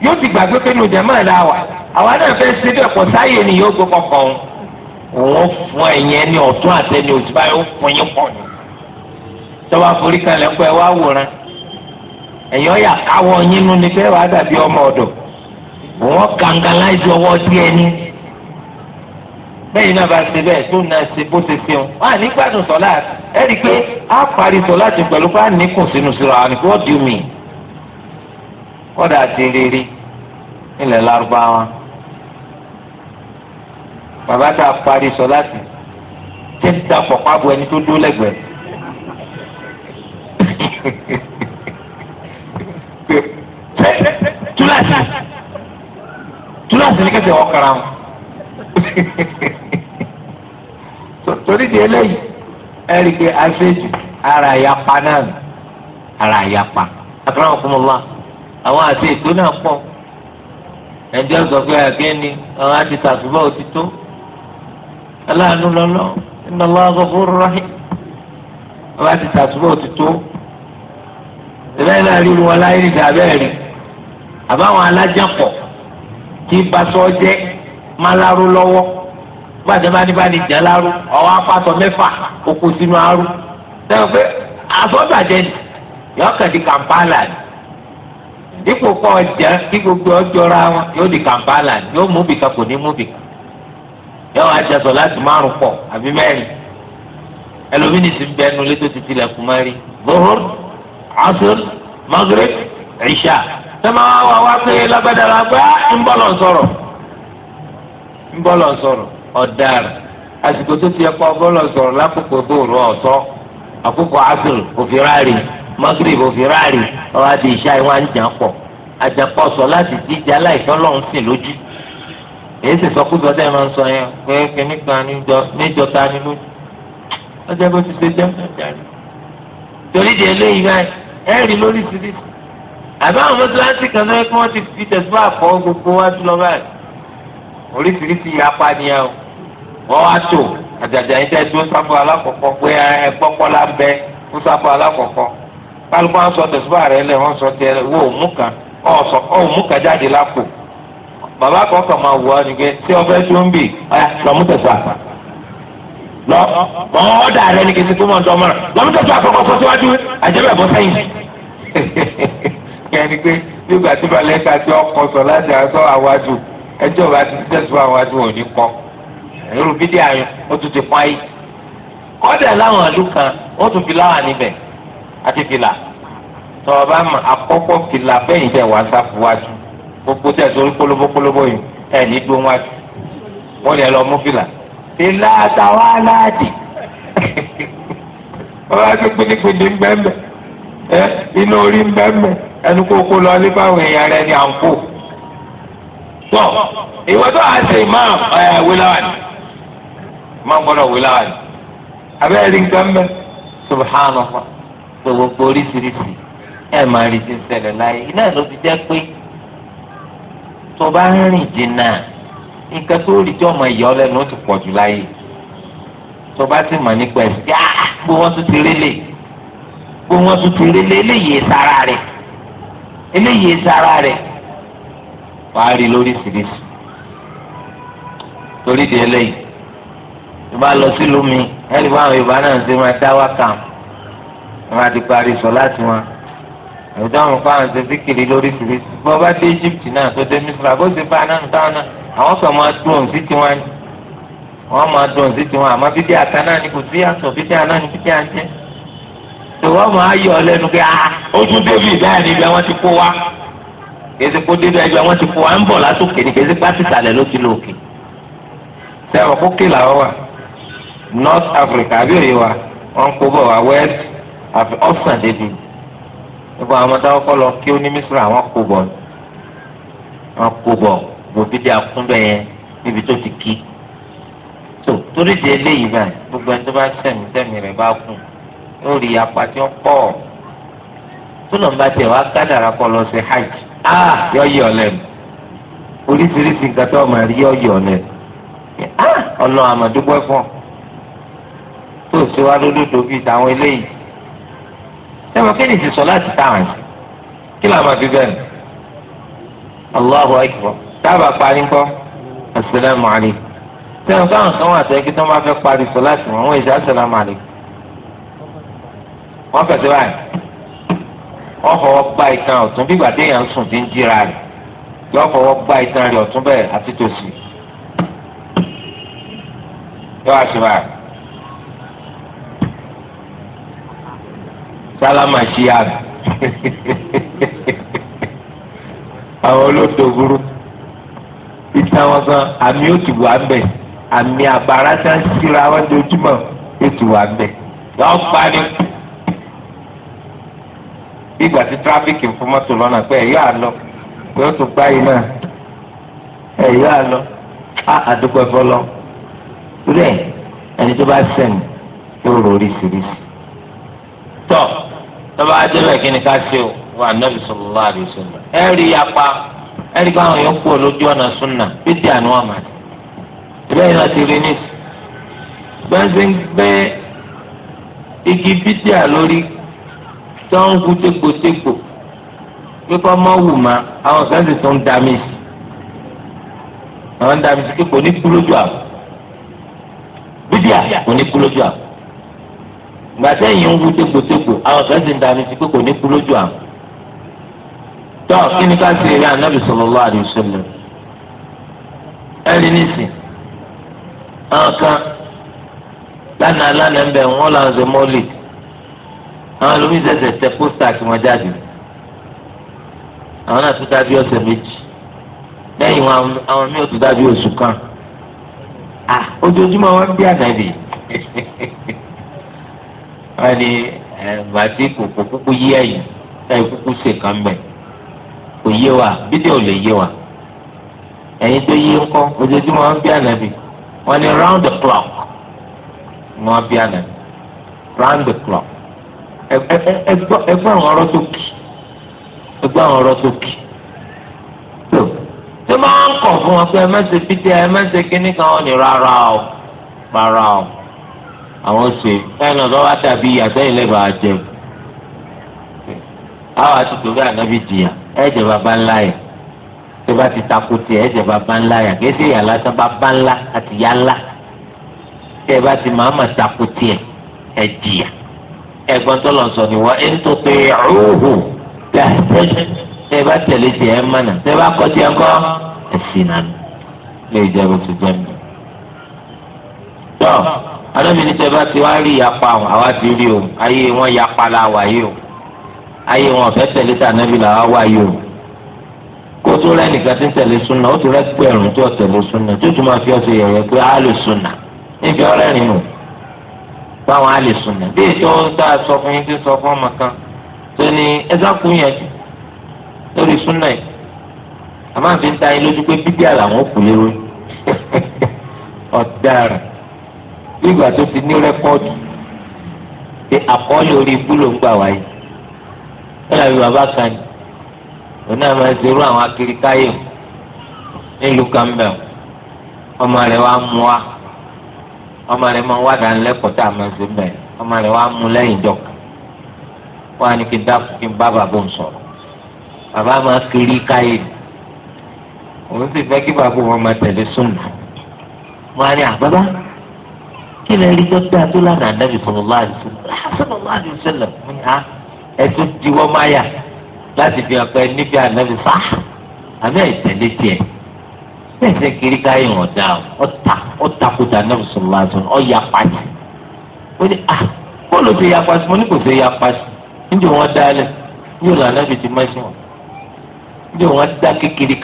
yóò ti gbàgbé pé nù jẹ́mọ́ ẹ̀dá wa àwa náà fẹ́ ṣe bẹ́ẹ̀ pọ̀ sáyé ni yóò gbé kọ̀ọ̀kan òun fún ẹ̀yìn ẹni ọ̀tún àtẹni òsì báyìí ó fún yín pọ̀ ni forí kalẹ̀ pé ẹ wá wòran ẹ̀yìn ọ̀yà káwọ́ yín eni. lẹ́yìn náà bá ṣe bẹ́ẹ̀ tó na ṣe bó ṣe ṣe wọn. wọn à ní gbádùn sọlá ẹ rí i pé a parí sọlá ti pẹ̀lú bá nìkùn sínú síra wọn ni what do you mean. kọ́dà àti rírí ilẹ̀ lárúbáwá bàbá tá a parí sọlá sí tí ń ta pọ̀ pàbọ ẹni tó dúró lẹ́gbẹ̀ẹ́. [LAUGHS] túláàsì túláàsì ni kẹsì ọkàrà wọn. [LAUGHS] torí di eléyìí ẹ̀rí pé àṣejù ara àyapa náà ara àyapa àtúrà fún wa àwọn àti ètò náà pọ̀ ẹ̀jẹ̀ sọ pé àgẹ́ni àwọn àti tàṣùbọ̀ òtítọ́ aláàánú lọ́lọ́ àwọn àti tàṣùbọ̀ òtítọ́ náà ríru wọn láyé àbáwọn alájàpọ̀ kí basọ́ jẹ́ gbàdé bá ní bá ní jẹ́ lárú ọwọ́ apátọ mẹ́fà okùn sínú arú sẹ́wọ́n pé àfọ́bàjẹ́ ni yọ kàn di kampala ni dípò kọ́ ọjà kí gbogbo ọjọ́ra wọn yóò di kampala ni yóò mú bìkan kò ní mú bìkan yọ àjàsọ láti márùn pọ̀ àbí mẹ́rin ẹlòmínì ti bẹnu létò títí lẹ́kùn mẹ́rin zuhur asr maghrib isha sẹ́mi àwọn àwọn akéwì lágbàdàrà ń bọ́ lọ sọ̀rọ̀ ń bọ́ lọ sọ̀rọ̀ ọ̀daràn àsìkò tó fi ẹ̀kọ́ bọ́ọ̀lù sọ̀rọ̀ lákòókò bóòrò ọ̀tọ́ àkókò asùn òfin ráàrí magrib òfin ráàrí ọ̀rọ̀ àti ìṣá ìwọ̀n àǹjà pọ̀ àjàpọ̀ sọ láti jíjà láìsọ́ lọ́hún sí lójú èyí sì sọkúsọ dẹ́ máa ń sọ yẹn pé kínní kan níjọ ta ni lójú ọjọ́ bó ti ṣe jẹ́ mọ́tàrí torí di eléyìí báyìí ẹ̀ rí lórí sírísì àbí àwọn mọ́tíláṣí kan náà kí wọ́n ti fi tẹ̀síwá àpọ̀ gbogbo wájú lọ báyìí oríṣiríṣi apá ni ẹ o wọ́n wá tò àjàjà yìí tẹ́tí ó sáfù alákọ̀ọ́kọ́ pé ẹ gbọ́kọ́ la bẹ ó sáfù alákọ̀ọ́kọ́ kálukú wọn sọ tẹ̀síwá rẹ lẹ̀ wọ́n sọ tẹ wo òmù kan òmù kan jáde lápò bàbá kọ̀ọ̀kan máa wù ọ́ ni pé tí ọbẹ̀ tó ń bì lọ́mú tẹ̀síwá lọ ọ̀ọ́dà rẹ ni kìí ti tó mọ̀ ọ́dọ́ mọ́ra lọ́mú tẹ̀síwá kọ̀ọ̀kan sọ síwájú àjẹbẹ̀ bọ́ sẹ́yìn [LAUGHS] kẹ́ni pé nígbà tí balẹ̀ ká tí ọkọ̀ sọ̀ láti àṣọ àwájú ẹjọ́ bá ti tẹ̀síwá àwájú òní kọ́ irú bídíà yẹn ó tún ti pọ́n ayé kọ́dà láwọn ìlú kan wọ́n tún fìlà wà níbẹ̀ àti fìlà tọ́wọ́ bá mọ àkọ́kọ́ fìlà bẹ́yìn tẹ̀ wá sáfù wájú gbogbo tẹ̀ sórí kólóbó kólóbó yìí ẹ̀ ní dún wájú wọ́n lè lọ mú fìlà fìlà àtàwọn aláàdì [LAUGHS] wọ́n bá tún pínpínlẹ̀ ń bẹ́ẹ̀ ẹ inú orí ń bẹ́ẹ̀ mẹ́ ẹnu kókó lọ ní báwọn èèyàn rẹ ní àǹkó. tọ́ ìwọ́n tó àṣẹ ìmáà máa ń gbọ́dọ̀ wí láàyè abẹ́rẹ́ rí nǹkan mẹ́ subhanallah gbogbo oríṣiríṣi ẹ̀ máa rí ti ṣẹlẹ̀ láyé iná ló ti jẹ́ pé tó bá ń rìn jìnnà nǹkan tó rí tí ọmọ ìyá ọlẹ́nu ó ti pọ̀ jù láyé tó bá ti mọ̀ nípa ẹ̀sìn kí á gbó wọn tún ti rélé gbó wọn tún ti rélé eléyìí sára rẹ̀ eléyìí sára rẹ̀ wàá rí lóríṣiríṣi torí di eléyìí ìbá lọ sílùú mi ẹni bá àwọn yorùbá náà ṣe máa dá wákà wọn àti parí sọ láti wọn àwùjọ àwọn kó àwọn ṣe fíkìrì lórí fèrèsì bí wọn bá dé Egypt náà tó dé Misra bó ṣe bá náà nǹkan náà àwọn sọ máa dùn sí tiwọn ni wọn máa dùn sí tiwọn àmọ́ bídí àká náà ni kò sí àtọ bídí àná ni bídí àjẹ tó wọn máa yọ ọ pé ojú débi ìdáyà ibẹ̀ wọn ti kó wa kèsì kó débi ẹgbẹ́ wọn ti kó wa ń bọ̀ lásòkè ni kèsì pàṣẹ ìsàlẹ̀ ló ti lò òkè sẹ́wọ̀n kó làwọn wà north africa abéèrè wa wọ́n kó bọ̀ wá west àfi ọ̀sán débi nígbà àwọn ọmọdé ọkọ lọ kí ó ní mísírà wọ́n kó bọ̀ wọ́n kó bọ̀ lòbí dí akúndọ̀ yẹn níbi tó ti kí tó torí di eléyìí báyìí gbogbo ẹni tó bá sẹ̀mí sẹ̀mí rẹ̀ bá kù ó rí apá tí ó pọ̀ tó lọ́n bá tẹ̀ wá kádàrá kọ́ lọ sí hajj ah yọ yọ lẹ́nu oríṣiríṣi nǹkan tó ọmọ rí yọ yọ lẹ́nu ah ọlọ́run àmọ̀dúgbọ́ fún ọ kó o ṣe wá lódodo bíi tàwọn eléyìí ẹ̀mọ́ kí ni ìsìsọ láti táwọn kí làwọn máa fi bẹ́ẹ̀ ni Allahu akbar dábàá parí ńkọ́ asalaamu alaykum sẹ́wọ̀n káwọn kan wà sẹ́yìn kí tí wọ́n bá fẹ́ parí sọ láti wọ́n wọ́n ìṣe asalaamu alaykum wọ́n fẹ̀sẹ̀ báyìí wọ́n fọwọ́ gba ìtàn ọ̀tún bí gbàdé yẹn ń sùn tí ń jíra rẹ̀ yọ fọwọ́ gba ìtàn rẹ̀ ọ̀tún bẹ́ẹ̀ àti tòsí yọ àṣìbáyìí. sálámà sí àbí àwọn olóòtú burú ìtàn wọn kan àmì ó ti wà bẹ àmì àbára tá a síra wọn dojúmọ́ ó ti wà bẹ lọ́ọ́ pani ìgbà tí tiráfíkì fún mọ́tò lọ́nà pé ẹ̀yọ́ àlọ́ pé ó tún gbá yìí náà ẹ̀yọ́ àlọ́ á àdúgbò ẹ̀fọ́ lọ rẹ̀ ẹni tó bá sẹ̀mù yóò rò oríṣiríṣi tọ́ tọ́ba adébẹ̀ kí ni ká ṣe o wà nàbì sallallahu alaihi wasallam. ẹ rí apá ẹ rí káwọn yẹn kú olójú ọ̀nà súnà bídí àná àmà ni. ìbẹ́ yìí láti rí níìsì. gbẹ́nsẹ̀ ń gbé igi bídí àlórí tó ń kú tégbòtégbò pé kọ́ mọ́ wù má àwọn kan sì tún dá mi sí. àwọn dá mi sí pé kò lójú àbọ̀ bídí à kò lójú àbọ̀. gbàtẹ́ yìí ń wú tégbòtégbò àwọn kan sì ń dàbí ti pé kò ní kú lójú àwọn. tọ́ kí ni ká ṣe eré anábì sallallahu alaihi wasallam ẹni nísìn àwọn kan lánàá lánàá ń bẹ̀ wọ́n làwọn ṣe mọ́lì àwọn lómi ṣẹ̀ṣẹ̀ tẹ pósítà tí wọ́n jáde àwọn náà tún dábí ọ̀sẹ̀ méjì lẹ́yìn wọn àwọn míì ò tún dábí oṣù kan ojoojúmọ́ wọn bí [LAUGHS] wọn ni gbàtí kòkó kúkú yí ẹ̀yìn táyì kúkú ṣe kàn bẹ kò yé wa fídíò lè yé wa ẹ̀yin tó yé ńkọ́ ojoojúmọ́ wọn bí ànábì wọn ni round the clock wọn bí ànábì round the clock ẹgbẹ́ àwọn ọ̀rọ̀ tó kì ẹgbẹ́ àwọn ọ̀rọ̀ tó kì tó máa ń kọ̀ fún wọn pé ẹ má ṣe fídíò ẹ má wọn ni rárá o rárá àwọn ṣe ẹnu ọ̀dọ́ wa dàbí àtẹ̀yìn lẹ́bàá àjẹun àwọn àtúntò bí ànábì jìyà ẹ̀jẹ̀ bàbá ńlá yẹn tó bá ti takò tiẹ̀ ẹ̀jẹ̀ bàbá ńlá yẹn kì í ṣe ìyàlá tó bàbá ńlá àti ìyá ńlá tẹ́ ẹ bá ti máa mà takò tiẹ̀ ẹ̀ jìyà ẹ̀gbọ́n tó lọ sọ ni wọ́n ẹ̀ ń tó pé ọ̀hún tẹ́ bá tẹ̀lé tiẹ̀ ẹ̀ mọ̀nà tẹ́ bá kọ́ tiẹ̀ kọ́ ẹ̀sìn náà lè jẹ́ bó ti jẹ́ mi tọ́ anábìíní tẹ bá ti wá rí ìyapa àwọn àwa ti rí o ayé wọn yapa la wà yìí o ayé wọn ọ̀fẹ́ tẹ̀lé tà nábì làwa wà yìí o kó tó rẹ́ nìkan tí ń tẹ̀lé súnà ó ti rẹ́ pé ẹ̀rùn tó tẹ̀lé súnà tó tún máa fi ọ̀sẹ̀ yẹ̀yẹ́ pé á lè súnà níbi ọ̀rẹ́ rìn o báwọn á lè súnà bí ètò tá a sọ fún yín tí sọ fún ọmọ kan tó ní ẹ̀dá kú yẹn lórí súnà yìí àmọ́ àfi ń ta yín lójú pé bíbí àlàwọn ò kú lérò [LAUGHS] bí ìgbà tó ti ní rẹ́kọ́ọ̀dù pé àkọọ́lẹ̀ orí ikú ló ń gbà wáyé ẹ̀rọ ìwà bá kan ní òun náà máa ṣerú àwọn akiri káyè nílùú kàmbẹ̀ ọmọ rẹ̀ wá mú wa ọmọ rẹ̀ máa wádà ńlẹ́kọ̀ọ́ tá a máa ṣe mbẹ̀ ọmọ rẹ̀ wá mú lẹ́yìn jọ̀ka wọ́n á ní kí n dákú kí n bá bàbá òun sọ̀rọ̀ bàbá máa kiri káyè òun sì fẹ́ kí bàbá òun máa tẹ̀lé sùn wọ́n á ní àbábá kí lè rí dọ́tà tó lánàá nàbì sallallahu alaihi wasallam ah, ẹ̀tún diwọ́ máyà láti fi ọ̀pẹ níbi ànábì sá àbẹ́ ìtẹ̀lé tiẹ̀ bẹ́ẹ̀ kiri káyọ̀ ọ̀dà ọ̀tà ọ̀tàkùtà ànábì sallallahu alaihi wasallam ọ̀yà pàtì ó ní à bọ́ọ̀lù ti yà pàtì mo ní kò sí yà pàtì níjẹ́ wọn dá lẹ̀ yóò lọ ànábì ti mẹ́sìn wọn níjẹ́ wọn dá kékeré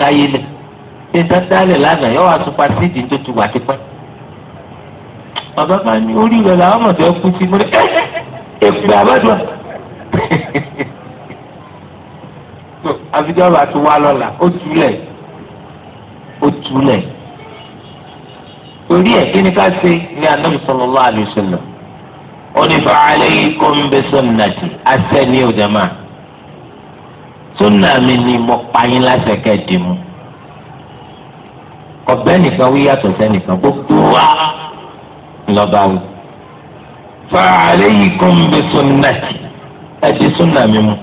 tu wà bàbá bá ní orí rẹ̀ làwọn mọ̀tò ẹ̀ kú sí mo ní ẹ̀ èpè àbádùn. àfijọ́ bá ti wá lọ́la ó túlẹ̀ ó túlẹ̀ torí ẹ̀ kí ni ká ṣe ní anábì sallallahu alaihi wasallam ó ní fa alaykum bi sunnati asẹ́ ní òjàmá sunna mi ni mo pa yín láṣẹ kẹ́ẹ̀dì mu ọ̀bẹ nìkan wí sẹ́nìkan gbogbo wa lọ́ba wù. fa alaykum bi sunnati ẹ ti súnà mi mu.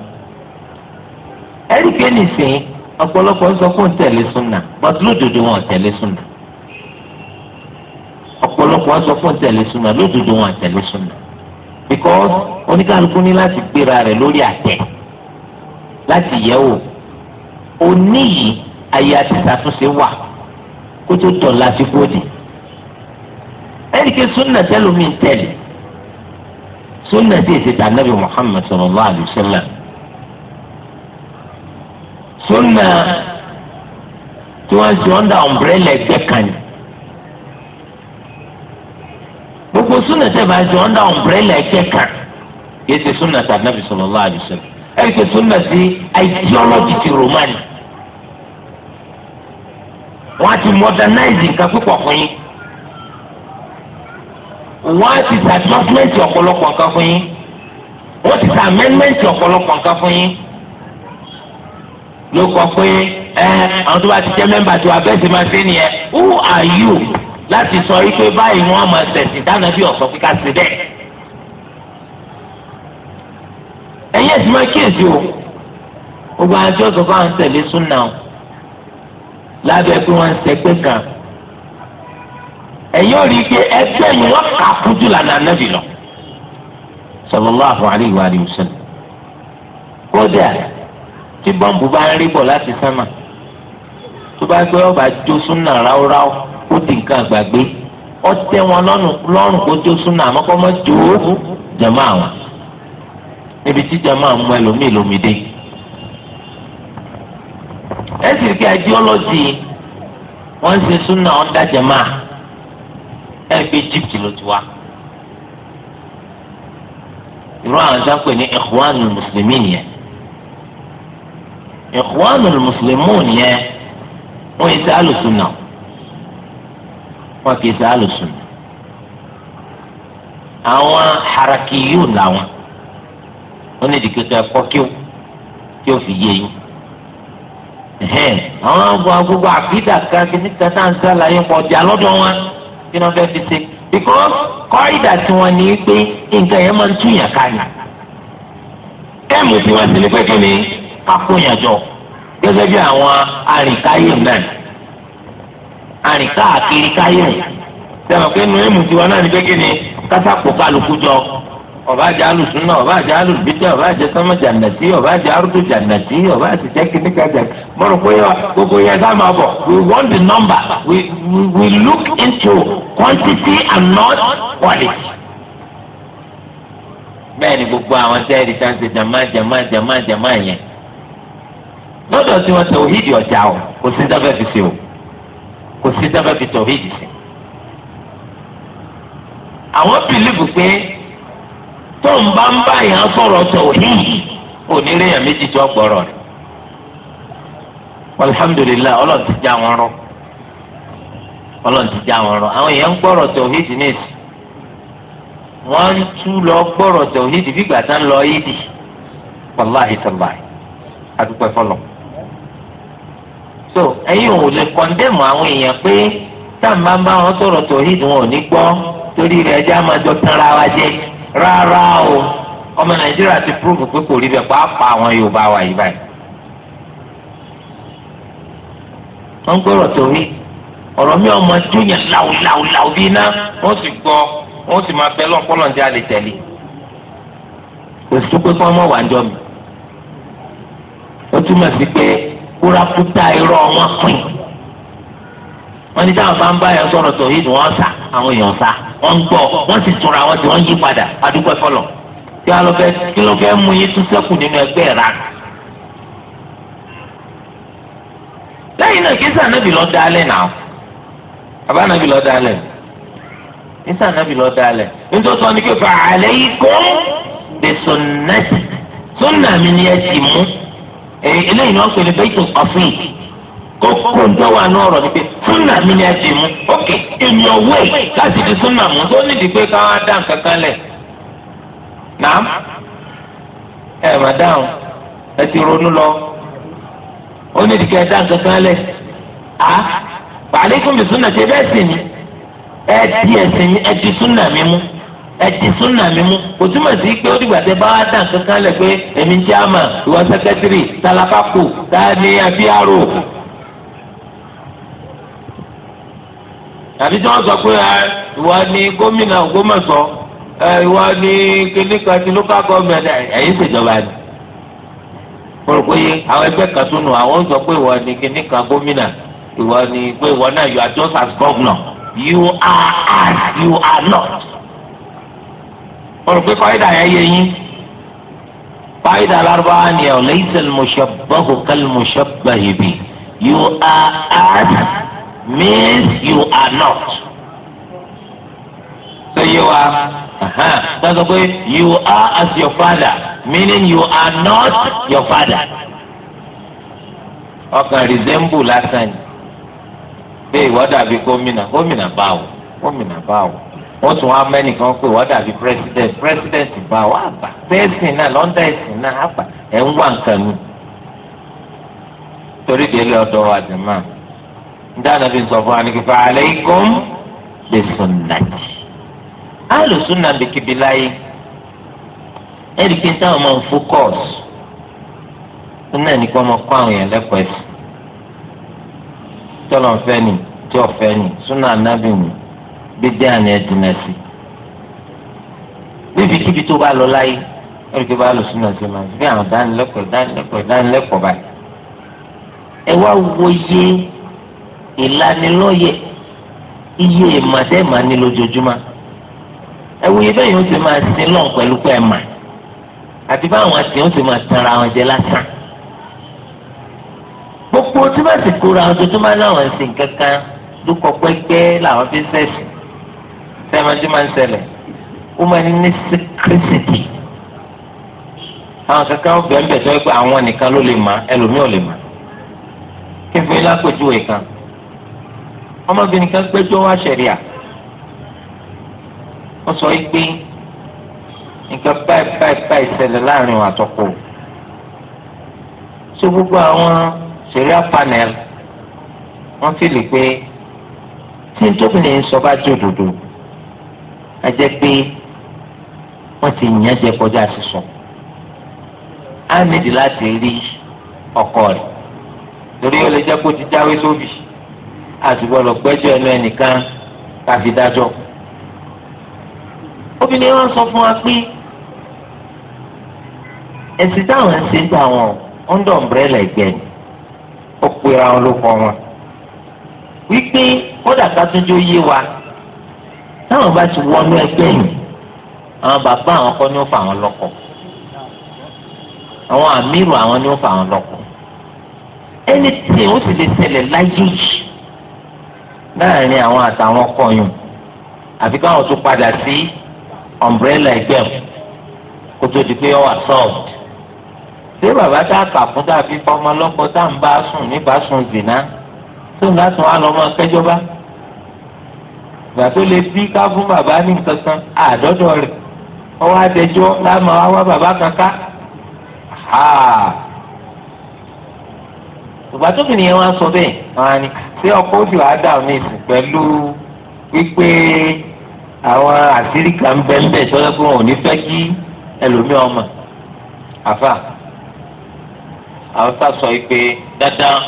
ẹ̀rí pé nìsín ọ̀pọ̀lọpọ̀ sọ fún tẹ̀lé súnà bọ́tú lódodo wọn tẹ̀lé súnà. ọ̀pọ̀lọpọ̀ sọ fún tẹ̀lé súnà lódodo wọn tẹ̀lé súnà. because oníkàlùkù ní láti gbéra rẹ̀ lórí àtẹ̀ láti yẹ̀ wò. òní yìí ayé àti ṣàtúnṣe wà kó tó tọ̀ láti kó ẹ̀rí ké súnà tẹ́lómi tẹ́lẹ̀ súnà tí èsì tànàbí Muhammad sallallahu alayhi wa sallam súnà tí wọ́n ti ọ̀ndà ọ̀mbrẹ́lẹ̀ ẹgbẹ́ kan ní gbogbo súnà tẹ́ bá ti ọ̀ndà ọ̀mbrẹ́lẹ̀ ẹgbẹ́ kan yìí ti súnà tànàbí sallallahu alayhi wa sallam ẹ̀rí ké súnà tí ideology ti romani wọ́n á ti modernize nǹkan púpọ̀ fún yín wọ́n á ti ṣe advancement ọ̀pọ̀lọpọ̀ nǹkan fún yín wọ́n ti ṣe amendment ọ̀pọ̀lọpọ̀ nǹkan fún yín ló kọ pé ẹ àwọn tó bá ti jẹ́ mẹ́mbà tó abẹ́ máa ṣe nìyẹn who are you láti sọ yí pé báyìí wọ́n máa ṣẹ̀sìn dáná bí ọ̀sán pé ká ṣe bẹ́ẹ̀. ẹ̀yin ẹ̀sìn máa kíyèsí o gbogbo àwọn tí wọ́n sọ fún àwọn tẹ̀lé súnà o lábẹ́ pé wọ́n ń ṣẹgbẹ́ kan ẹ̀yin ò rí i pé ẹgbẹ́ yìí wọ́n kà fún jùlọ ní anábì lọ. sallallahu alaihi wa sallam. kódà tí bọ́ǹbù bá ń rí bọ̀ láti tó bá gbé ọba jó súnà ráúráú ó di nǹkan àgbàgbé ó wọn lọ́rùn kó jó súnà àmọ́ mọ́ àwọn níbi tí jàmá mú ẹlòmíì ẹ sì ẹni pé Egypt ló ti wá irú àwọn tó ń pè ní Ikhwanul Muslimin nìyẹn Ikhwanul Muslimun nìyẹn wọ́n yìí sẹ́ alùsùn náà wọ́n kì í sẹ́ alùsùn àwọn harakiyù làwọn wọ́n ní ìdíkẹ́kẹ́ ẹ̀kọ́ kí ó kí ó fi yé yín àwọn àgbo àgbo àfídà kan kí níta tá ń sálàyé pọ̀ jà lọ́dọ̀ wọn kí wọ́n fẹ́ fi ṣe because kọ́rídà tí wọ́n ní pé nǹkan yẹn máa ń túyàn ká ní. tẹ́ẹ̀mù tí wọ́n ti ní pé kí ni kakóyànjọ gẹ́gẹ́ bí àwọn arìnkáyè náà arìnkáàkiri káyè sẹ́wọ̀n pé nínú ẹ̀mù tiwọn náà ní pé kí ni kásápò kálukú jọ ọba alùsùnà ọba àjẹ alùbíjà ọba àjẹ arúgbó jàǹdàtì ọba àti mọ̀rọ̀ pé gbogbo yẹn dá máa bọ̀ we want the number we, we look into quantity and not quality. bẹ́ẹ̀ ni gbogbo àwọn sẹ́ẹ̀rì tá à ń ṣe jàmá jàmá jàmá jàmá yẹn lọ́dọ̀ tí wọ́n tọ̀hídì ọ̀jà o kò sí dábẹ́ fi ṣe o kò sí dábẹ́ fi tọ̀hídì ṣe. àwọn bìlíìfù pé tó ń bá ń bá yàn sọ̀rọ̀ tọ̀hídì onírèyàn méjì tó gbọ́rọ̀ rẹ̀ alhamdulilayi ọlọ́run ti já wọn rọ́. ọlọ́run ti já wọn rọ àwọn èèyàn ń gbọ́rọ̀ tọ̀hídì wọ́n ń lọ gbọ́rọ̀ tọ̀hídì fìgbà tá ń lọ yídì wàláhì adúpẹ́ fọlọ́ so ẹ̀yin ò lè kọ́ndẹ́mù àwọn èèyàn pé bá wọn sọ̀rọ̀ wọn ò ní gbọ́ torí rẹ̀ ẹjẹ́ àmàjọ tanra wa jẹ rárá o ọmọ nàìjíríà ti ọ̀rọ̀ mi ọmọ jóyàn làwùlàwùlàwù bíi iná wọ́n sì gbọ́ wọ́n sì máa bẹ́ẹ̀ lọ́pọ̀lọ́ ní alẹ́ tẹ̀lé kò sí pé kí wọ́n mọ̀ wá jọ mi ó túmọ̀ sí pé kúrakúta irọ́ wọn pin wọ́n ní táwọn bá ń bá yẹn sọ̀rọ̀ tọ̀ yìí ni wọ́n sà àwọn èèyàn sà wọ́n ń gbọ́ wọ́n sì tura wọn tí wọ́n yí padà adúgbò ẹ̀fọ́lọ̀ kí wọ́n lọ fẹ́ kí ló fẹ́ mú yín tún sẹ́kù nínú ẹgbẹ́ rà. lẹ́yìn náà kí sànẹ́bì lọ dá alẹ́ náà. àbá lọ dalẹ níta nàbì lọ dalẹ nítorí wọn ni pé fa alaykum bi sunna mi ni ẹ ti mú eléyìí ni wọn pè ní bẹ́ẹ̀tì kọfíìn kó kó ń tọ́wọ́ àná ọ̀rọ̀ ni sunna mi ni ẹ ti mú ókè èmi ọ̀wé láti di sunna mú tó nídìí pé káwọn á dá nǹkan kan nàám ẹ mà dáhùn ẹ ti ronú lọ ó pé aleikum bi sunna ṣe bẹ́ẹ̀ sì ni ẹ ti ẹ̀sìn mi ẹ ti sunna mi mú ẹ ti sunna mi mú kò túmọ̀ sí pé ó dìgbà kankan lẹ̀ pé èmi ń jẹ́ àmà ìwọ sẹ́kẹ́tìrì tálákàkù tá a ní tí wọ́n sọ pé ìwọ ni gómìnà Ògbómọ̀ṣọ́ ìwọ ni kíníkà ti local government ẹ̀yìn ṣèjọba ni mo rò pé àwọn ẹgbẹ́ kan tún nù àwọn sọ pé ìwọ ni kíníkà gómìnà ìwọ ni pé ìwọ náà you are just as governor you are as you are not. mo rò pé kọ́ídà yẹn yé yín kọ́ídà lárúbáwá ni ọ̀ laysa al-mushabbahu kal-mushabbahi bihi you are as means you are not. ṣé yé wa sọ pé you are as your father meaning you are not your father. ọkàn resemble lásán ni. pé ìwọ dàbí gómìnà gómìnà báwo gómìnà báwo wọ́n tún wá mẹ́nìkan pé president president báwo àgbà bẹ́ẹ̀sì náà lọ́ndà ẹ̀sìn náà àgbà ah, ẹ̀ ń wà nǹkan nù. torí délé ọ̀dọ̀ àdìmọ dáná bí sọ fún wa ní kí fàálẹ ikún lè sùn nàjì alùsùn náà bìkìbì láyé ẹnì kí n táwọn náà àwọn tọ́lọ̀ ń fẹ́ ni tí ọ̀fẹ́ ni súnà nábì ni bídẹ́ àná ẹ̀ dínà sí. bíbi kíbi tó bá lọ láyé ẹ̀rìkì bá lọ súnà sí máa bí àwọn dánilẹ́kọ̀ọ́ dánilẹ́kọ̀ọ́ dánilẹ́kọ̀ọ́ báyìí. ẹ wá wo iye ìlanilọ́yẹ̀ iye ìmọ̀dẹ́mà ní lójoojúmọ́ ẹ wo iye bẹ́ẹ̀ yóò ti máa sin lọ́n pẹ̀lú pẹ̀ẹ́mà àti báwọn àti yóò ti máa tanra wọn jẹ lásán gbogbo tí wọ́n sì kóra àwọn tuntun máa ń láwọn ẹ̀sìn kankan lókọ̀ pẹ́pẹ́ làwọn fi sẹ̀sì sẹ́mọ́tí máa ń ṣẹlẹ̀ ó máa ń ní síkírísìtì àwọn kankan ó bẹ̀rẹ̀ bẹ̀rẹ̀ tó yẹ pé àwọn nìkan ló lè mọ̀ ẹlòmíì ò lè mọ̀ kí n fi lápèjúwe kan ọmọbìnrin kan gbẹ́jọ́ wá ṣẹ̀ríà wọ́n sọ pé nǹkan báyìí báyìí báyìí ṣẹlẹ̀ láàrin àtọ́kù so gbogbo àwọn. Syria panel wọ́n fìlì pé tí tóbìnrin sọ bá jòdòdò a jẹ́ pé wọ́n ti yàn jẹ kọjá sísun á nídìí láti rí ọkọ rẹ̀ torí ó lè jẹ́ kó ti jáwé sóbì àti gbọ́dọ̀ gbẹ́jọ́ ẹnu ẹnìkan káfí dájọ́ obìnrin wọn sọ fún wa pé ẹ̀sìn táwọn ń ṣe ń gbà wọn ọ̀ndọ̀ ọ̀mbrẹ́là ẹ̀gbẹ́ ni pera wọn ló kọ wọn. wípé kódà kátúndé yé wa táwọn bá ti wọnú ẹgbẹ́ yìí àwọn bàbá àwọn kọ́ ni ó fà wọn lọ́kọ àwọn àmírù àwọn ni ó fà wọn lọ́kọ ẹni tí ó sì lè ṣẹlẹ̀ láyé yìí láàrin àwọn àtàwọn kọyùn àfi káwọn tún padà sí ọmbrẹ́là ẹgbẹ́ kó tó di pé ó wà sọ́ọ̀tù ṣé bàbá tá a kà fún dàbí fọmọ lọ́kọ tá à ń bá sùn nípa sùn zìnà tó ń lásùn wa lọ́mọ kẹjọba gbà tó lè bí ká fún bàbá ní nǹkan kan àdọ́dọ̀ rẹ̀ ọwọ́ àtẹjọ́ láàmú àwọn bàbá kankan ìgbà tó kìnìyàn wá sọ bẹ́ẹ̀ wọn á ní ṣé ọkọ̀ ojú àádáa mi sùn pẹ̀lú wípé àwọn àṣírí kan bẹ́ẹ̀ bẹ́ẹ̀ sọ́dọ̀ pé wọn ò ní fẹ́ kí ẹlòmíràn mọ̀ àfà Haúsá sọ pé dandan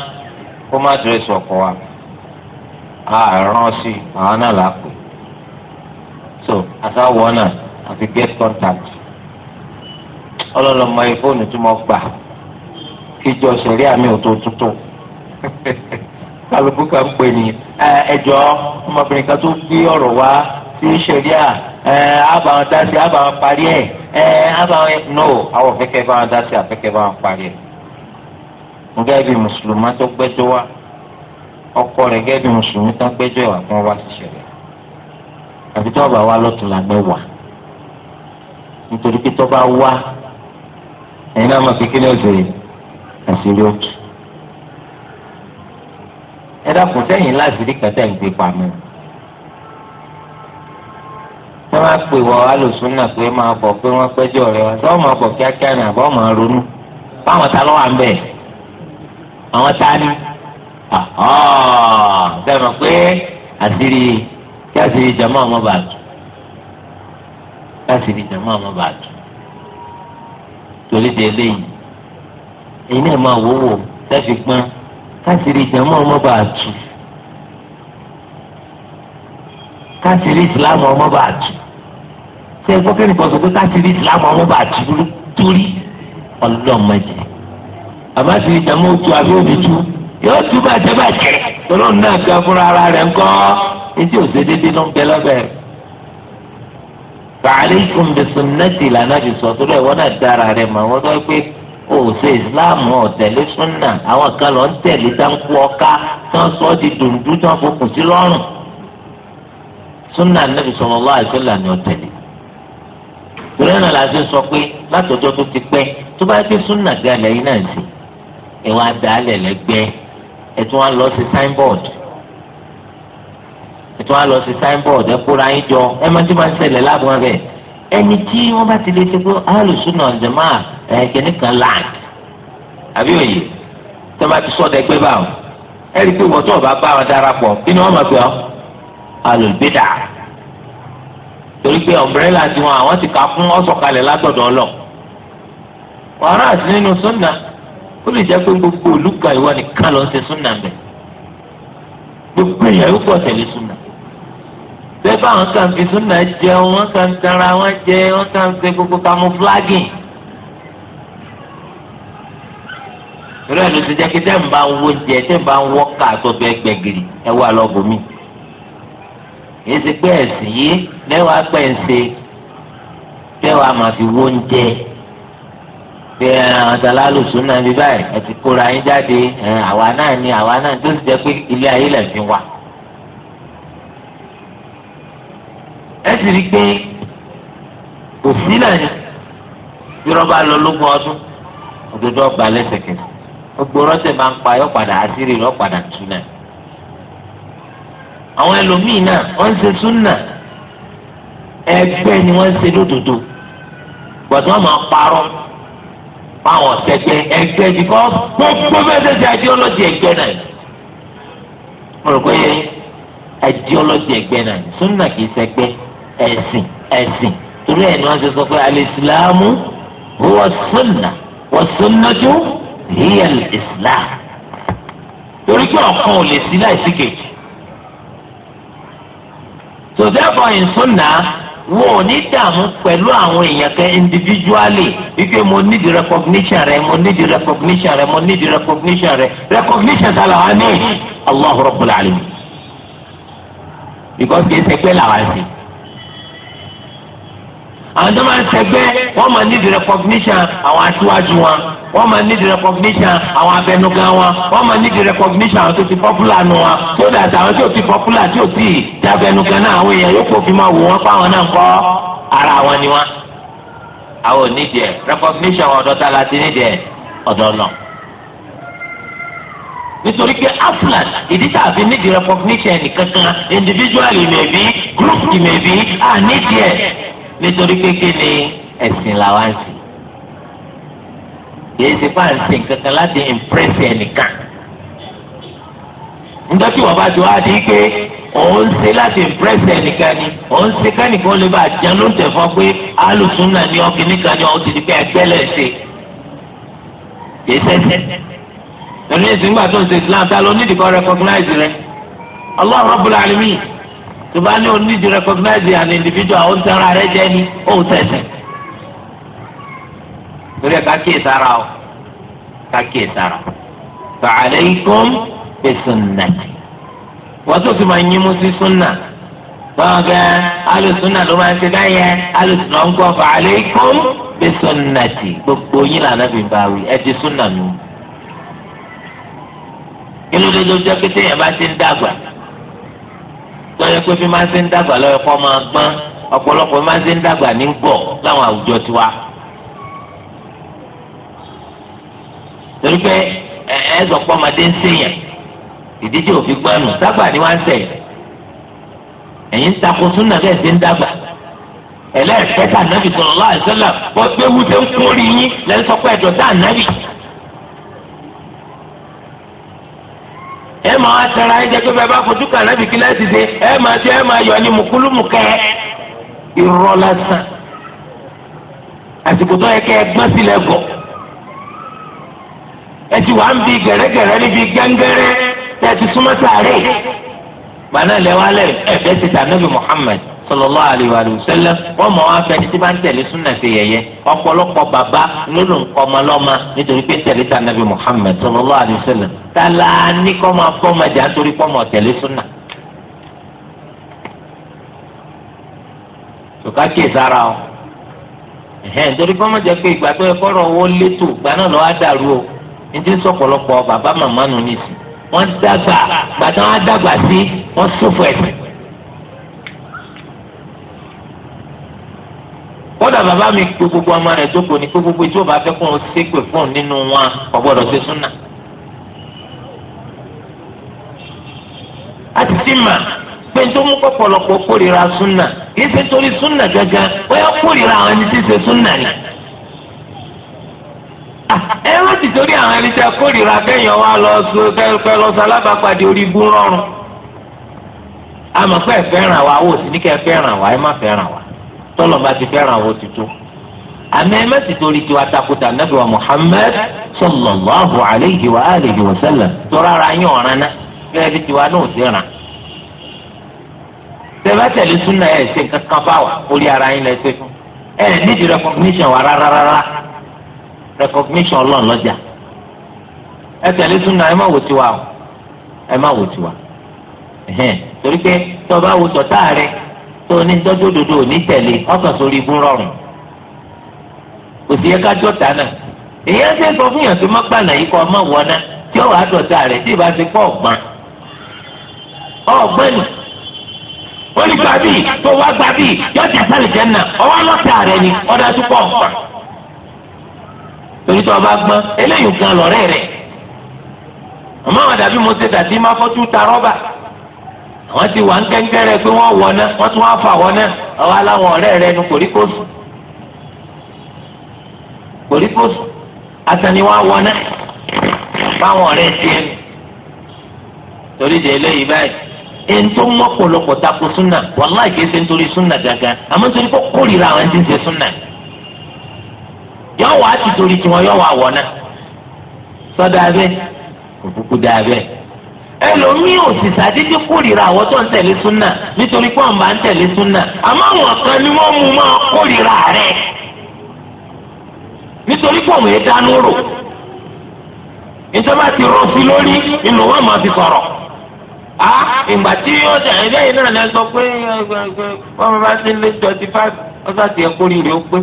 kó má dírẹ́sì ọkọ wa àrán sí àwọn náà là á pè so àtàwọn náà àfi get contact ọlọ́lọ́mọ yìí fóònù tí mo gbà kíjọ sẹ̀rí àmì òtò tuntun [LAUGHS] kálukú kan pè ní ẹjọ́ ọmọbìnrin kan tó gbé ọ̀rọ̀ wá sí sẹ̀rí à àbàwọn dá sí àbàwọn parí ẹ̀ àbàwọn no àwọn fẹ́kẹ́ bá wọn dá sí àfẹ́kẹ́ bá wọn parí ẹ̀ gẹ́gẹ́ bí mùsùlùmá tó gbẹ́jọ́ wá ọkọ rẹ̀ gẹ́gẹ́ bí mùsùlùmí tó gbẹ́jọ́ ìwà fún wa ti ṣẹlẹ̀ àbí tó bá wá lọ́tún la mẹ́wà nítorí pé tó bá wá ẹ̀yin náà mọ̀ sí kí ni ọ̀sẹ̀ yìí àṣírí òtún. ẹ dákun sẹ́yìn láṣìírí kẹtẹ́ ń gbé pamọ́ wọ́n máa pè wọ́ alòsùn náà pé máa bọ̀ pé wọ́n pẹ́jọ́ rẹ̀ wá sọ́ọ́ máa bọ̀ kíákíá ní àbọ̀ máa ronú báwọn ta ló wà ń bẹ̀ àwọn tani bẹ́ẹ̀ mọ̀ pé àṣírí kí àṣírí jama ọmọ bàá tù kí àṣírí jama ọmọ bàá tù torí de eléyìí èyí náà máa wò wò tẹ́sí gbọ́n káṣírí jama ọmọ bàá tù káṣírí ìsìlámù ọmọ bàá tù ṣé ẹ gbọ́ kẹ́ni kan sọ pé káṣírí ìsìlámù ọmọ bàá tù lórí ọlọ́mọdé àmọ́ sì ìjàmọ́ otu àbí òbí tu yóò tu bàjẹ́ bàjẹ́ tọ́lọ́ náà gbẹ fúnra ara rẹ̀ ńkọ́ etí òsè dédé ló ń bẹ lọ́bẹ̀. fa'alaykum bi sunnati lànà fi sọ tó lọ́wọ́ náà dára rẹ̀ mọ̀ wọ́n sọ pé òsè islam ọ̀tẹ̀lé sunna àwọn kan lọ ń tẹ̀lé táǹkù ọ̀ka tán sọ di dùndú tán fokùn sí lọ́rùn. sunna nàbì sallallahu alaihi wasallam ni ọ̀tẹ̀lé ẹ wá dálẹ̀ lẹ́gbẹ́ ẹ tún wá lọ sí signboard ẹ tún wá lọ sí signboard ẹ kóra yín jọ ẹ má ti máa ń ṣẹlẹ̀ láàbùn abẹ ẹni tí wọ́n bá ti lè ṣe pé alùsùn náà jẹ̀má ẹ̀ kìnnìkan land àbí òye tó bá ti sọ́dọ̀ ẹgbẹ́ báwọn ẹ̀rí pé wọ́n tó ọba bá wọn darapọ̀ kí ni wọ́n máa pè ọ́ alùbídà torí pé ọ̀mbrẹ́là tiwọn àwọn ti kà fún ọ̀sọ̀kalẹ̀ látọ̀dọ̀ ọlọ́ ọ̀rọ̀ àti nínú sunnah ó lè jẹ́ pé gbogbo olùkọ́ ìwọ nìkan lọ ṣe súnà mẹ́ gbogbo èèyàn yóò pọ̀ tẹ̀lé súnà bẹ́ẹ̀ bá wọn kàn fi súnà jẹun wọn kàn tara wọn jẹ wọn kàn ṣe gbogbo kamuflagin. irú ẹ̀ ló ti jẹ́ kí tẹ́ ń bá ń wo jẹ tẹ́ ń bá ń wọ́ ká tó bẹ́ẹ̀ gbẹ̀gìrì ẹ wà lọ́bùnmí. èsì pé ẹ̀sìn yìí lẹ́wàá pẹ̀ ń ṣe tẹ́wàá máa fi wo oúnjẹ pé àwọn talalu súnà bí báyìí ẹ ti kóra yín jáde àwa náà ni àwa náà tó sì jẹ́ pé ilé ayé lè fi wà. ẹ sì rí i pé kò sí náà ni bí wọ́n bá lọ lógún ọdún òdodo ọgbà lẹ́sẹ̀kẹsẹ̀ gbogbo rọ́ṣẹ̀ máa ń pa yọ padà àṣírí rẹ̀ padà tú náà. àwọn ẹlòmíín náà wọ́n ń ṣe súnà ẹgbẹ́ ni wọ́n ṣe lódodo gbọ̀dọ̀ máa parọ́ fáwọn ọ̀tẹ̀gbẹ́ ẹgbẹ́ nìkan gbogbo bẹ́ẹ̀ ṣe ideology ẹgbẹ́ náà mo rò pé ideology ẹgbẹ́ náà súnà kì í ṣẹgbẹ́ ẹ̀sìn ẹ̀sìn torí ẹ̀ ni wọ́n ṣe sọ pé alìsílámù huwa súnà wọ́n súnà tó hiya islam torí pé ọ̀kan ò lè sí láìsí kejì. so therefore in sunnah wọn ò ní dààmú pẹ̀lú àwọn èèyàn kan individually wípé mo need recognition rẹ mo need recognition rẹ mo need recognition rẹ recognition ta làwọn ní Allahu Rabbul Alamin because kì í ṣe pé làwọn ṣe àwọn tó máa ń ṣẹgbẹ́ wọ́n máa need recognition àwọn aṣíwájú wọn wọ́n máa need recognition àwọn abẹnugan wọn wọ́n máa need recognition àwọn tó ti popular nu wọn tó dàtà àwọn tó ti popular tí ò tí ì dábẹnugan náà àwọn èèyàn yóò kó fi máa wò wọ́n fáwọn náà kọ́ ara wọn ni wọn. àwọn ò nídìí ẹ recognition ọ̀dọ́ ta la ti nídìí ẹ ọ̀dọ́ náà nítorí pé aflan ìdí tá a fi nídìí recognition nìkankan individual may be group may be ànídìí ẹ̀ nítorí kékeré ni ẹ̀sìn làwa ń sìn kìí ṣe fáǹsì kankan láti ìmpírẹ́sì ẹnìkan nígbà tí wọn bá ti wá di pé òun ṣe láti impress ẹnìkan ni òun ṣe kẹ́nìkan lè bá jẹun ló ń tẹ̀fọ́ pé alùsùn náà ni ọkì nìkan ni ọ̀hún ti di pé ẹgbẹ́lẹ̀ ṣe ìṣẹ́ṣẹ́ lórí ìsìngbà tó ń ṣe Islam ta ló nídìí kan recognize rẹ Allah Rabbul Alamin tó bá ní o need to recognize an individual ó ń tẹ́ra rẹ jẹ́ ní ó ń tẹ̀sẹ̀ torí ẹ̀ ká kíyè sára o ká kíyè sára fa alaykum bi sunnati wọ́n tó ti máa ń yín mú sí súnà báwọn bẹ alùsùnà ló máa ń ṣe dáyẹ alùsùnà ń gbọ́ fa alaykum bi sunnati gbogbo yín lànà bí báwí ẹ ti súnà nù kí ló dé tó jẹ́ pé téèyàn bá ti ń dàgbà lọ́yẹ pé bí máa ṣe ń dàgbà lọ́yẹ kọ́ máa gbọ́n ọ̀pọ̀lọpọ̀ máa ṣe ń dàgbà ní gbọ̀ láwọn àwùjọ tiwa. torí pé ẹ̀ẹ́dọ̀ pọ̀ ọmọdé ń ṣèyàn ìdíje òfin gbọ́nù dàgbà ni wọ́n ń sẹ̀ ẹ̀yìn takò súnà bẹ́ẹ̀ ṣe ń dàgbà ẹlẹ́ẹ̀kẹ́ta nàbì sọ̀rọ̀ láàṣẹ́lẹ̀ bọ́ pé wúté ń kórìí yín lẹ́sọ̀pẹ́ ẹ̀dọ̀ ẹ máa wá tẹ̀ra ẹ jẹ́ pé bẹ́ẹ̀ bá fojú kàn náà bìkí láti ṣe ẹ máa ṣe ẹ máa yọ ní mùkúlùmùkẹ́ irọ́ lásán àsìkò tó yẹ kẹ́ ẹ gbọ́n sílẹ̀ gọ̀ ẹ ti wà ń bi gẹ̀rẹ́gẹ̀rẹ́ níbi gẹ́ngẹ́rẹ́ tẹ́ ti súnmọ́ sáré gbaná lẹ́wálẹ̀ ẹ̀fẹ́ ti tà nàbì Muhammad sallallahu alaihi wa sallam wọn mọ wọn fẹni tí bá ń tẹ̀lé súnà ṣe yẹ̀yẹ́ ọ̀pọ̀lọpọ̀ bàbá lónà nkọmọlọmọ nítorí pé ta nàbì Muhammad sallallahu alaihi wa sallam tala ní kọmọ afọmọdé àtòrí o torí pé owó létò kódà bàbá mi pé gbogbo ọmọ rẹ̀ jókòó ní pé gbogbo ìjọba fẹ́ kó wọn ṣépè fún un nínú wọn kò gbọ́dọ̀ ṣe súnà. a ti ti mà pé tó mú pọ̀pọ̀lọpọ̀ kórìíra súnà kì í ṣe torí súnà gángan bóyá kórìíra àwọn ẹni tí ń ṣe súnà ni. ẹ rántí torí àwọn ẹni tí a kórìíra kẹ́yìn wa lọ sọ kẹ́ lọ sọ alábàápàdé orí ibú rọrùn. àmọ́ pé ẹ fẹ́ràn wa wò sí ní kẹ́ fẹ́ràn wa ẹ má fẹ́ràn wa tọ́lọ̀ bá ti fẹ́ràn àwọn òtítọ́ àmì ẹ mẹ́sì torí tiwa takuta nabi wa Muhammad sallallahu alayhi wa alihi wa sallam tọ́ra ara yín ọ̀ràn náà gẹ́gẹ́ bí tiwa náà ti ràn. tẹ́lá tẹ̀lé súnà ẹ̀ ṣe kankan bá wa orí ara yín lẹ ṣe fún ẹ̀ nídìí recognition wa rárá recognition ọlọ́run lọ́jà ẹ tẹ̀lé súnà ẹ má wò tiwa o má wò tiwa torí pé tọ́ba wò tọ́ta rẹ̀ tó ní tọ́jú òdodo òní tẹ̀lé ọ̀sán sórí ibú rọrùn kò sí yẹ ká jọ̀tá náà èyí á ṣe sọ fún yàn tó má gbàlà yìí kọ́ ọmọ wọná tí ó wàá dọ̀tá rẹ̀ tí ìbá ti pọ̀ ọ̀gbọ́n ọ̀gbọ́n nù ó ní gbà bíi tó wá gbà bíi yọ̀tá sálẹ̀ jẹ́ nà ọwọ́ lọ́tà rẹ̀ ni ọ̀dà tó pọ̀ ọ̀gbọ́n torí tó o bá gbọ́n eléyìí gan lọ́rẹ́ rẹ̀ ọmọ àwọn dàbí mo ṣe dàbí má fọ́tú ta rọ́bà àwọn ti wà ń kẹ́ńkẹ́rẹ́ pé wọ́n wọ̀ náà wọ́n tún wá fà wọ́n náà àwọn aláwọn ọ̀rẹ́ rẹ nu kòríkòsù kòríkòsù asani wá wọ̀ náà báwọn ọ̀rẹ́ tiẹ̀ nù torí de eléyìí báyìí ètò mọ́pọ̀lọpọ̀ tako súnà wàláì kìí ṣe nítorí súnà gàgà àmọ́ nítorí kó kórìíra àwọn tí ń ṣe súnà yọ̀ wá ti torí tiwọn yọ̀ wá wọ̀ náà sọ́dọ̀ abẹ́ òkùnkùn dà abẹ́. ẹlòmíì ò sì sàdédé kórìíra àwọn tó ń tẹ̀lé súnà nítorí pé àwọn bá ń tẹ̀lé súnà àmọ́ àwọn kan ni wọ́n mú máa kórìíra rẹ̀ nítorí pé òun yẹn ti rọ sí lórí inú wọn fi sọ̀rọ̀ a ìgbà tí ó ṣe ẹgbẹ́ yìí náà lè sọ pé wọ́n bá ti lé twenty five ọ̀sán kórìíra ó pé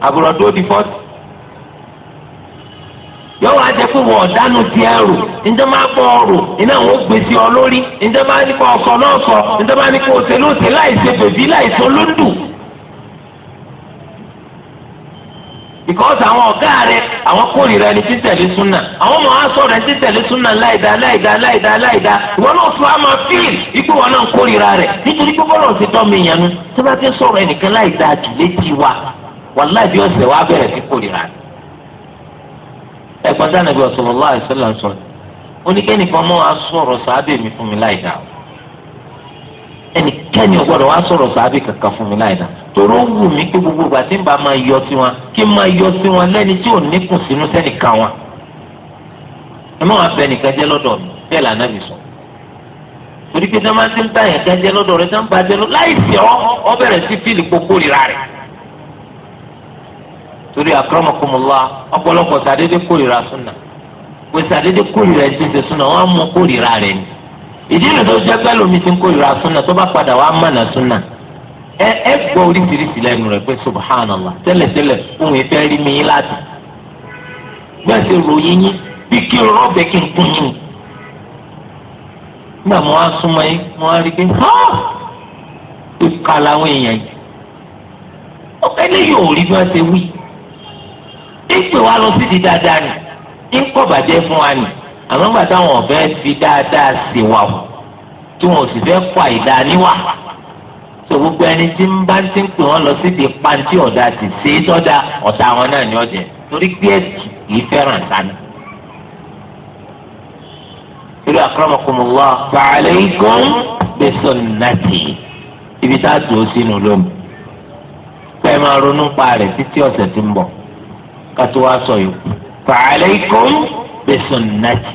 àbúrò tó di forty. yọwọ ajẹ pé wọn ọdánù ti ẹrù ǹjẹ́ máa pọ ọrù iná wọn ó gbèsè ọ lórí máa ní kó ọsọ náà sọ ǹjẹ́ máa ní kó ọsẹ lóṣè láìsè bèbí because àwọn ọ̀gá rẹ àwọn kórìíra ẹni tí tẹ̀lé súnà àwọn ọmọ wa sọ̀rọ̀ tí tẹ̀lé súnà láìda láìda láìda láìda ìwọ náà wọn náà kórìíra rẹ nítorí pé bọ́lọ̀ ti tọ́ mi yẹnu tí wọ́n ti sọ̀rọ̀ ẹnìkan láìda ẹ̀gbọ́n tí Ànábì sallallahu alaihi wasallam sọ̀rọ̀ oníkẹ́nìkan mọ́ wa sàábì mi fún mi láì dá ẹnikẹ́ni ò wa sọ̀rọ̀ sàábì kankan fún mi láì dá tòró wù mí pé gbogbo ìgbà n bá máa yọ sí wọn kí n máa yọ sí wọn lẹ́ni tí ò sínú sẹ́nìkan wọn ẹ bẹ nìkan jẹ́ lọ́dọ̀ mi bẹ́ẹ̀ lànà mi sọ torí pé ti ń bá jẹ́ lọ́dọ̀ bá jẹ́ lọ́dọ̀ láì ọ torí akramakumullah ọ̀pọ̀lọpọ̀ sàdédé kórìíra súnà pé sàdédé kórìíra ẹsẹ ṣe súnà wọn á mú kórira rẹ ni ìdí rẹ tó jẹ ti ń kórira súnà tó bá padà wà á mọ̀nà súnà ẹ ẹ gbọ́ oríṣiríṣi lẹ́nu rẹ pé subhanallah tẹ́lẹ̀tẹ́lẹ̀ òun fẹ́ rí mi yín láti bẹ́ẹ̀ ròyìn yín bí kí n kí n kún yín nígbà mo á ìpè wa lọ sí di dáadáa ni ìkọ̀ bàjẹ́ fún wa ni àmọ́ gbà táwọn ọ̀fẹ́ fi dáadáa sí wa o tí wọn ò sì fẹ́ kọ́ àìdáa níwà tó gbogbo ẹni tí ń bá ti ń pè wọ́n lọ sí di pàǹtí ọ̀dà sì ṣe é tọ́da ọ̀tá wọn náà ní ọ̀jẹ̀ torí pé ẹ̀sì kì í fẹ́ràn sani. irú akramakumullah fa alaykum bi sunnati ibi tá a dùn sínú lómi pẹ́ẹ́ máa ronú pa rẹ̀ títí ọ̀sẹ̀ tí ń bọ̀. kátó wá sọ yòókù fa alaykum bi sunnati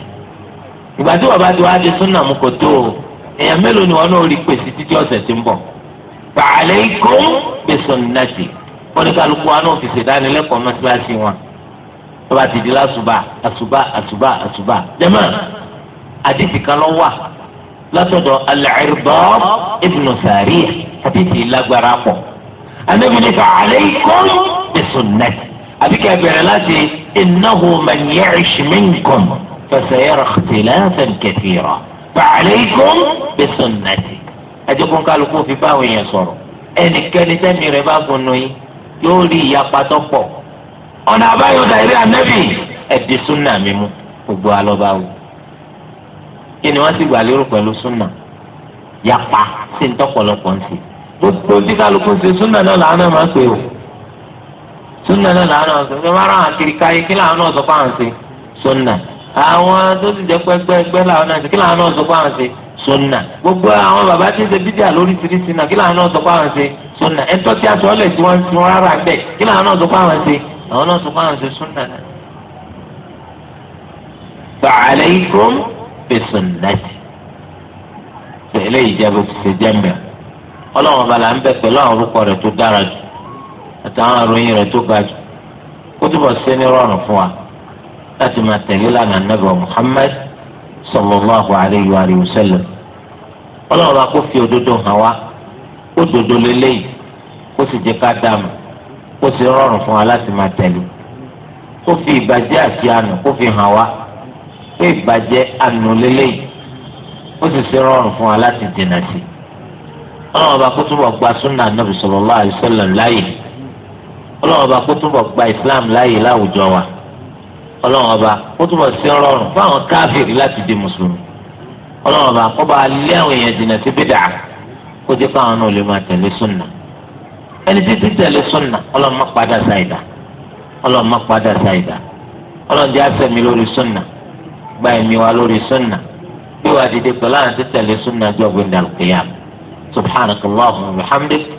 ìgbà tí wọ́n bá ti wá di súnà mú kò tó o èèyàn mélòó ni wọ́n náà rí pèsè títí ọ̀sẹ̀ tí ń bọ̀ fa alaykum bi sunnati wọ́n ní kálukú wa náà fi ṣèdánilẹ́kọ̀ọ́ mọ́síláṣí wọn tó bá ti di lásùbà àsùbà àsùbà àsùbà jẹ́mọ́ àdìsí kan lọ wà látọ̀dọ̀ Al-Irbad ibn àdìsí lágbára pọ̀ anábìlẹ̀ fa alaykum bi sunnati àbí kí a bẹ̀rẹ̀ láti innahu man ya'ish minkum fasayara ikhtilafan kathira fa'alaykum bisunnati. ajẹ́kùn kálukú fi báwọn èèyàn sọ̀rọ̀ ẹnikẹ́ni tẹ́mi rẹ̀ bá gbọ́nù yín yóò rí ìyapa tó pọ̀. ọ̀nà àbáyọ dàrí ànábì ẹ̀dí súnà mi mú gbogbo alọ́báwò. kí ni wọ́n sì gbà lérò pẹ̀lú súnà yapa sí ní tọ́pọ̀lọpọ̀ ń sunna náà làwọn náà sọ pé wọn ráhàn kiri káyé kí làwọn náà sọ pé àwọn sunna àwọn tó gbogbo àwọn bàbá tí ń ṣe bídíà lórí tìrìsì náà kí làwọn náà sọ pé àwọn sunna tí tí ti rárá kí làwọn náà sọ pé àwọn àwọn náà sọ pé àwọn àtàwọn àròyìn rẹ̀ tó ga jù kó túbọ̀ ṣe ní rọrùn fún wa láti máa tẹ̀lé lánàá nàbẹ̀ Muhammad sallallahu alayhi wa sallam ọlọ́run bá kó fi òdodo hàn wá kó dodo lélẹ́yìí kó sì jẹ́ ká dààmú kó sì rọrùn fún wa láti máa tẹ̀lé kó fi ìbàjẹ́ àti àánú kó fi hàn wá pé ìbàjẹ́ àánú lélẹ́yìí ó sì ṣe rọrùn fún wa láti dènà sí ọlọ́run ọba kó túbọ̀ gba súnà nàbì sallallahu alaihi wasallam láàyè ọlọ́run ọba kó túnbọ̀ gba islam láàyè láwùjọ wa ọlọ́run ọba kó túnbọ̀ sí rọrùn fún àwọn káfíìrì láti di mùsùlùmí ọlọ́run ọba kó bá lé àwọn èèyàn jìnnà sí bídà kó jẹ́ káwọn náà lè máa tẹ̀lé súnà ẹni títí tẹ̀lé súnà ọlọ́run má padà sáìdá ọlọ́run má padà sáìdá ọlọ́run jẹ́ àṣẹmi lórí súnà gba ẹ̀mí wa lórí súnà bí wàá dìde pẹ̀lú àwọn títẹ̀lé súnà jọ̀gbìn dàlùkìyàm subhanakallahu wa bihamdik.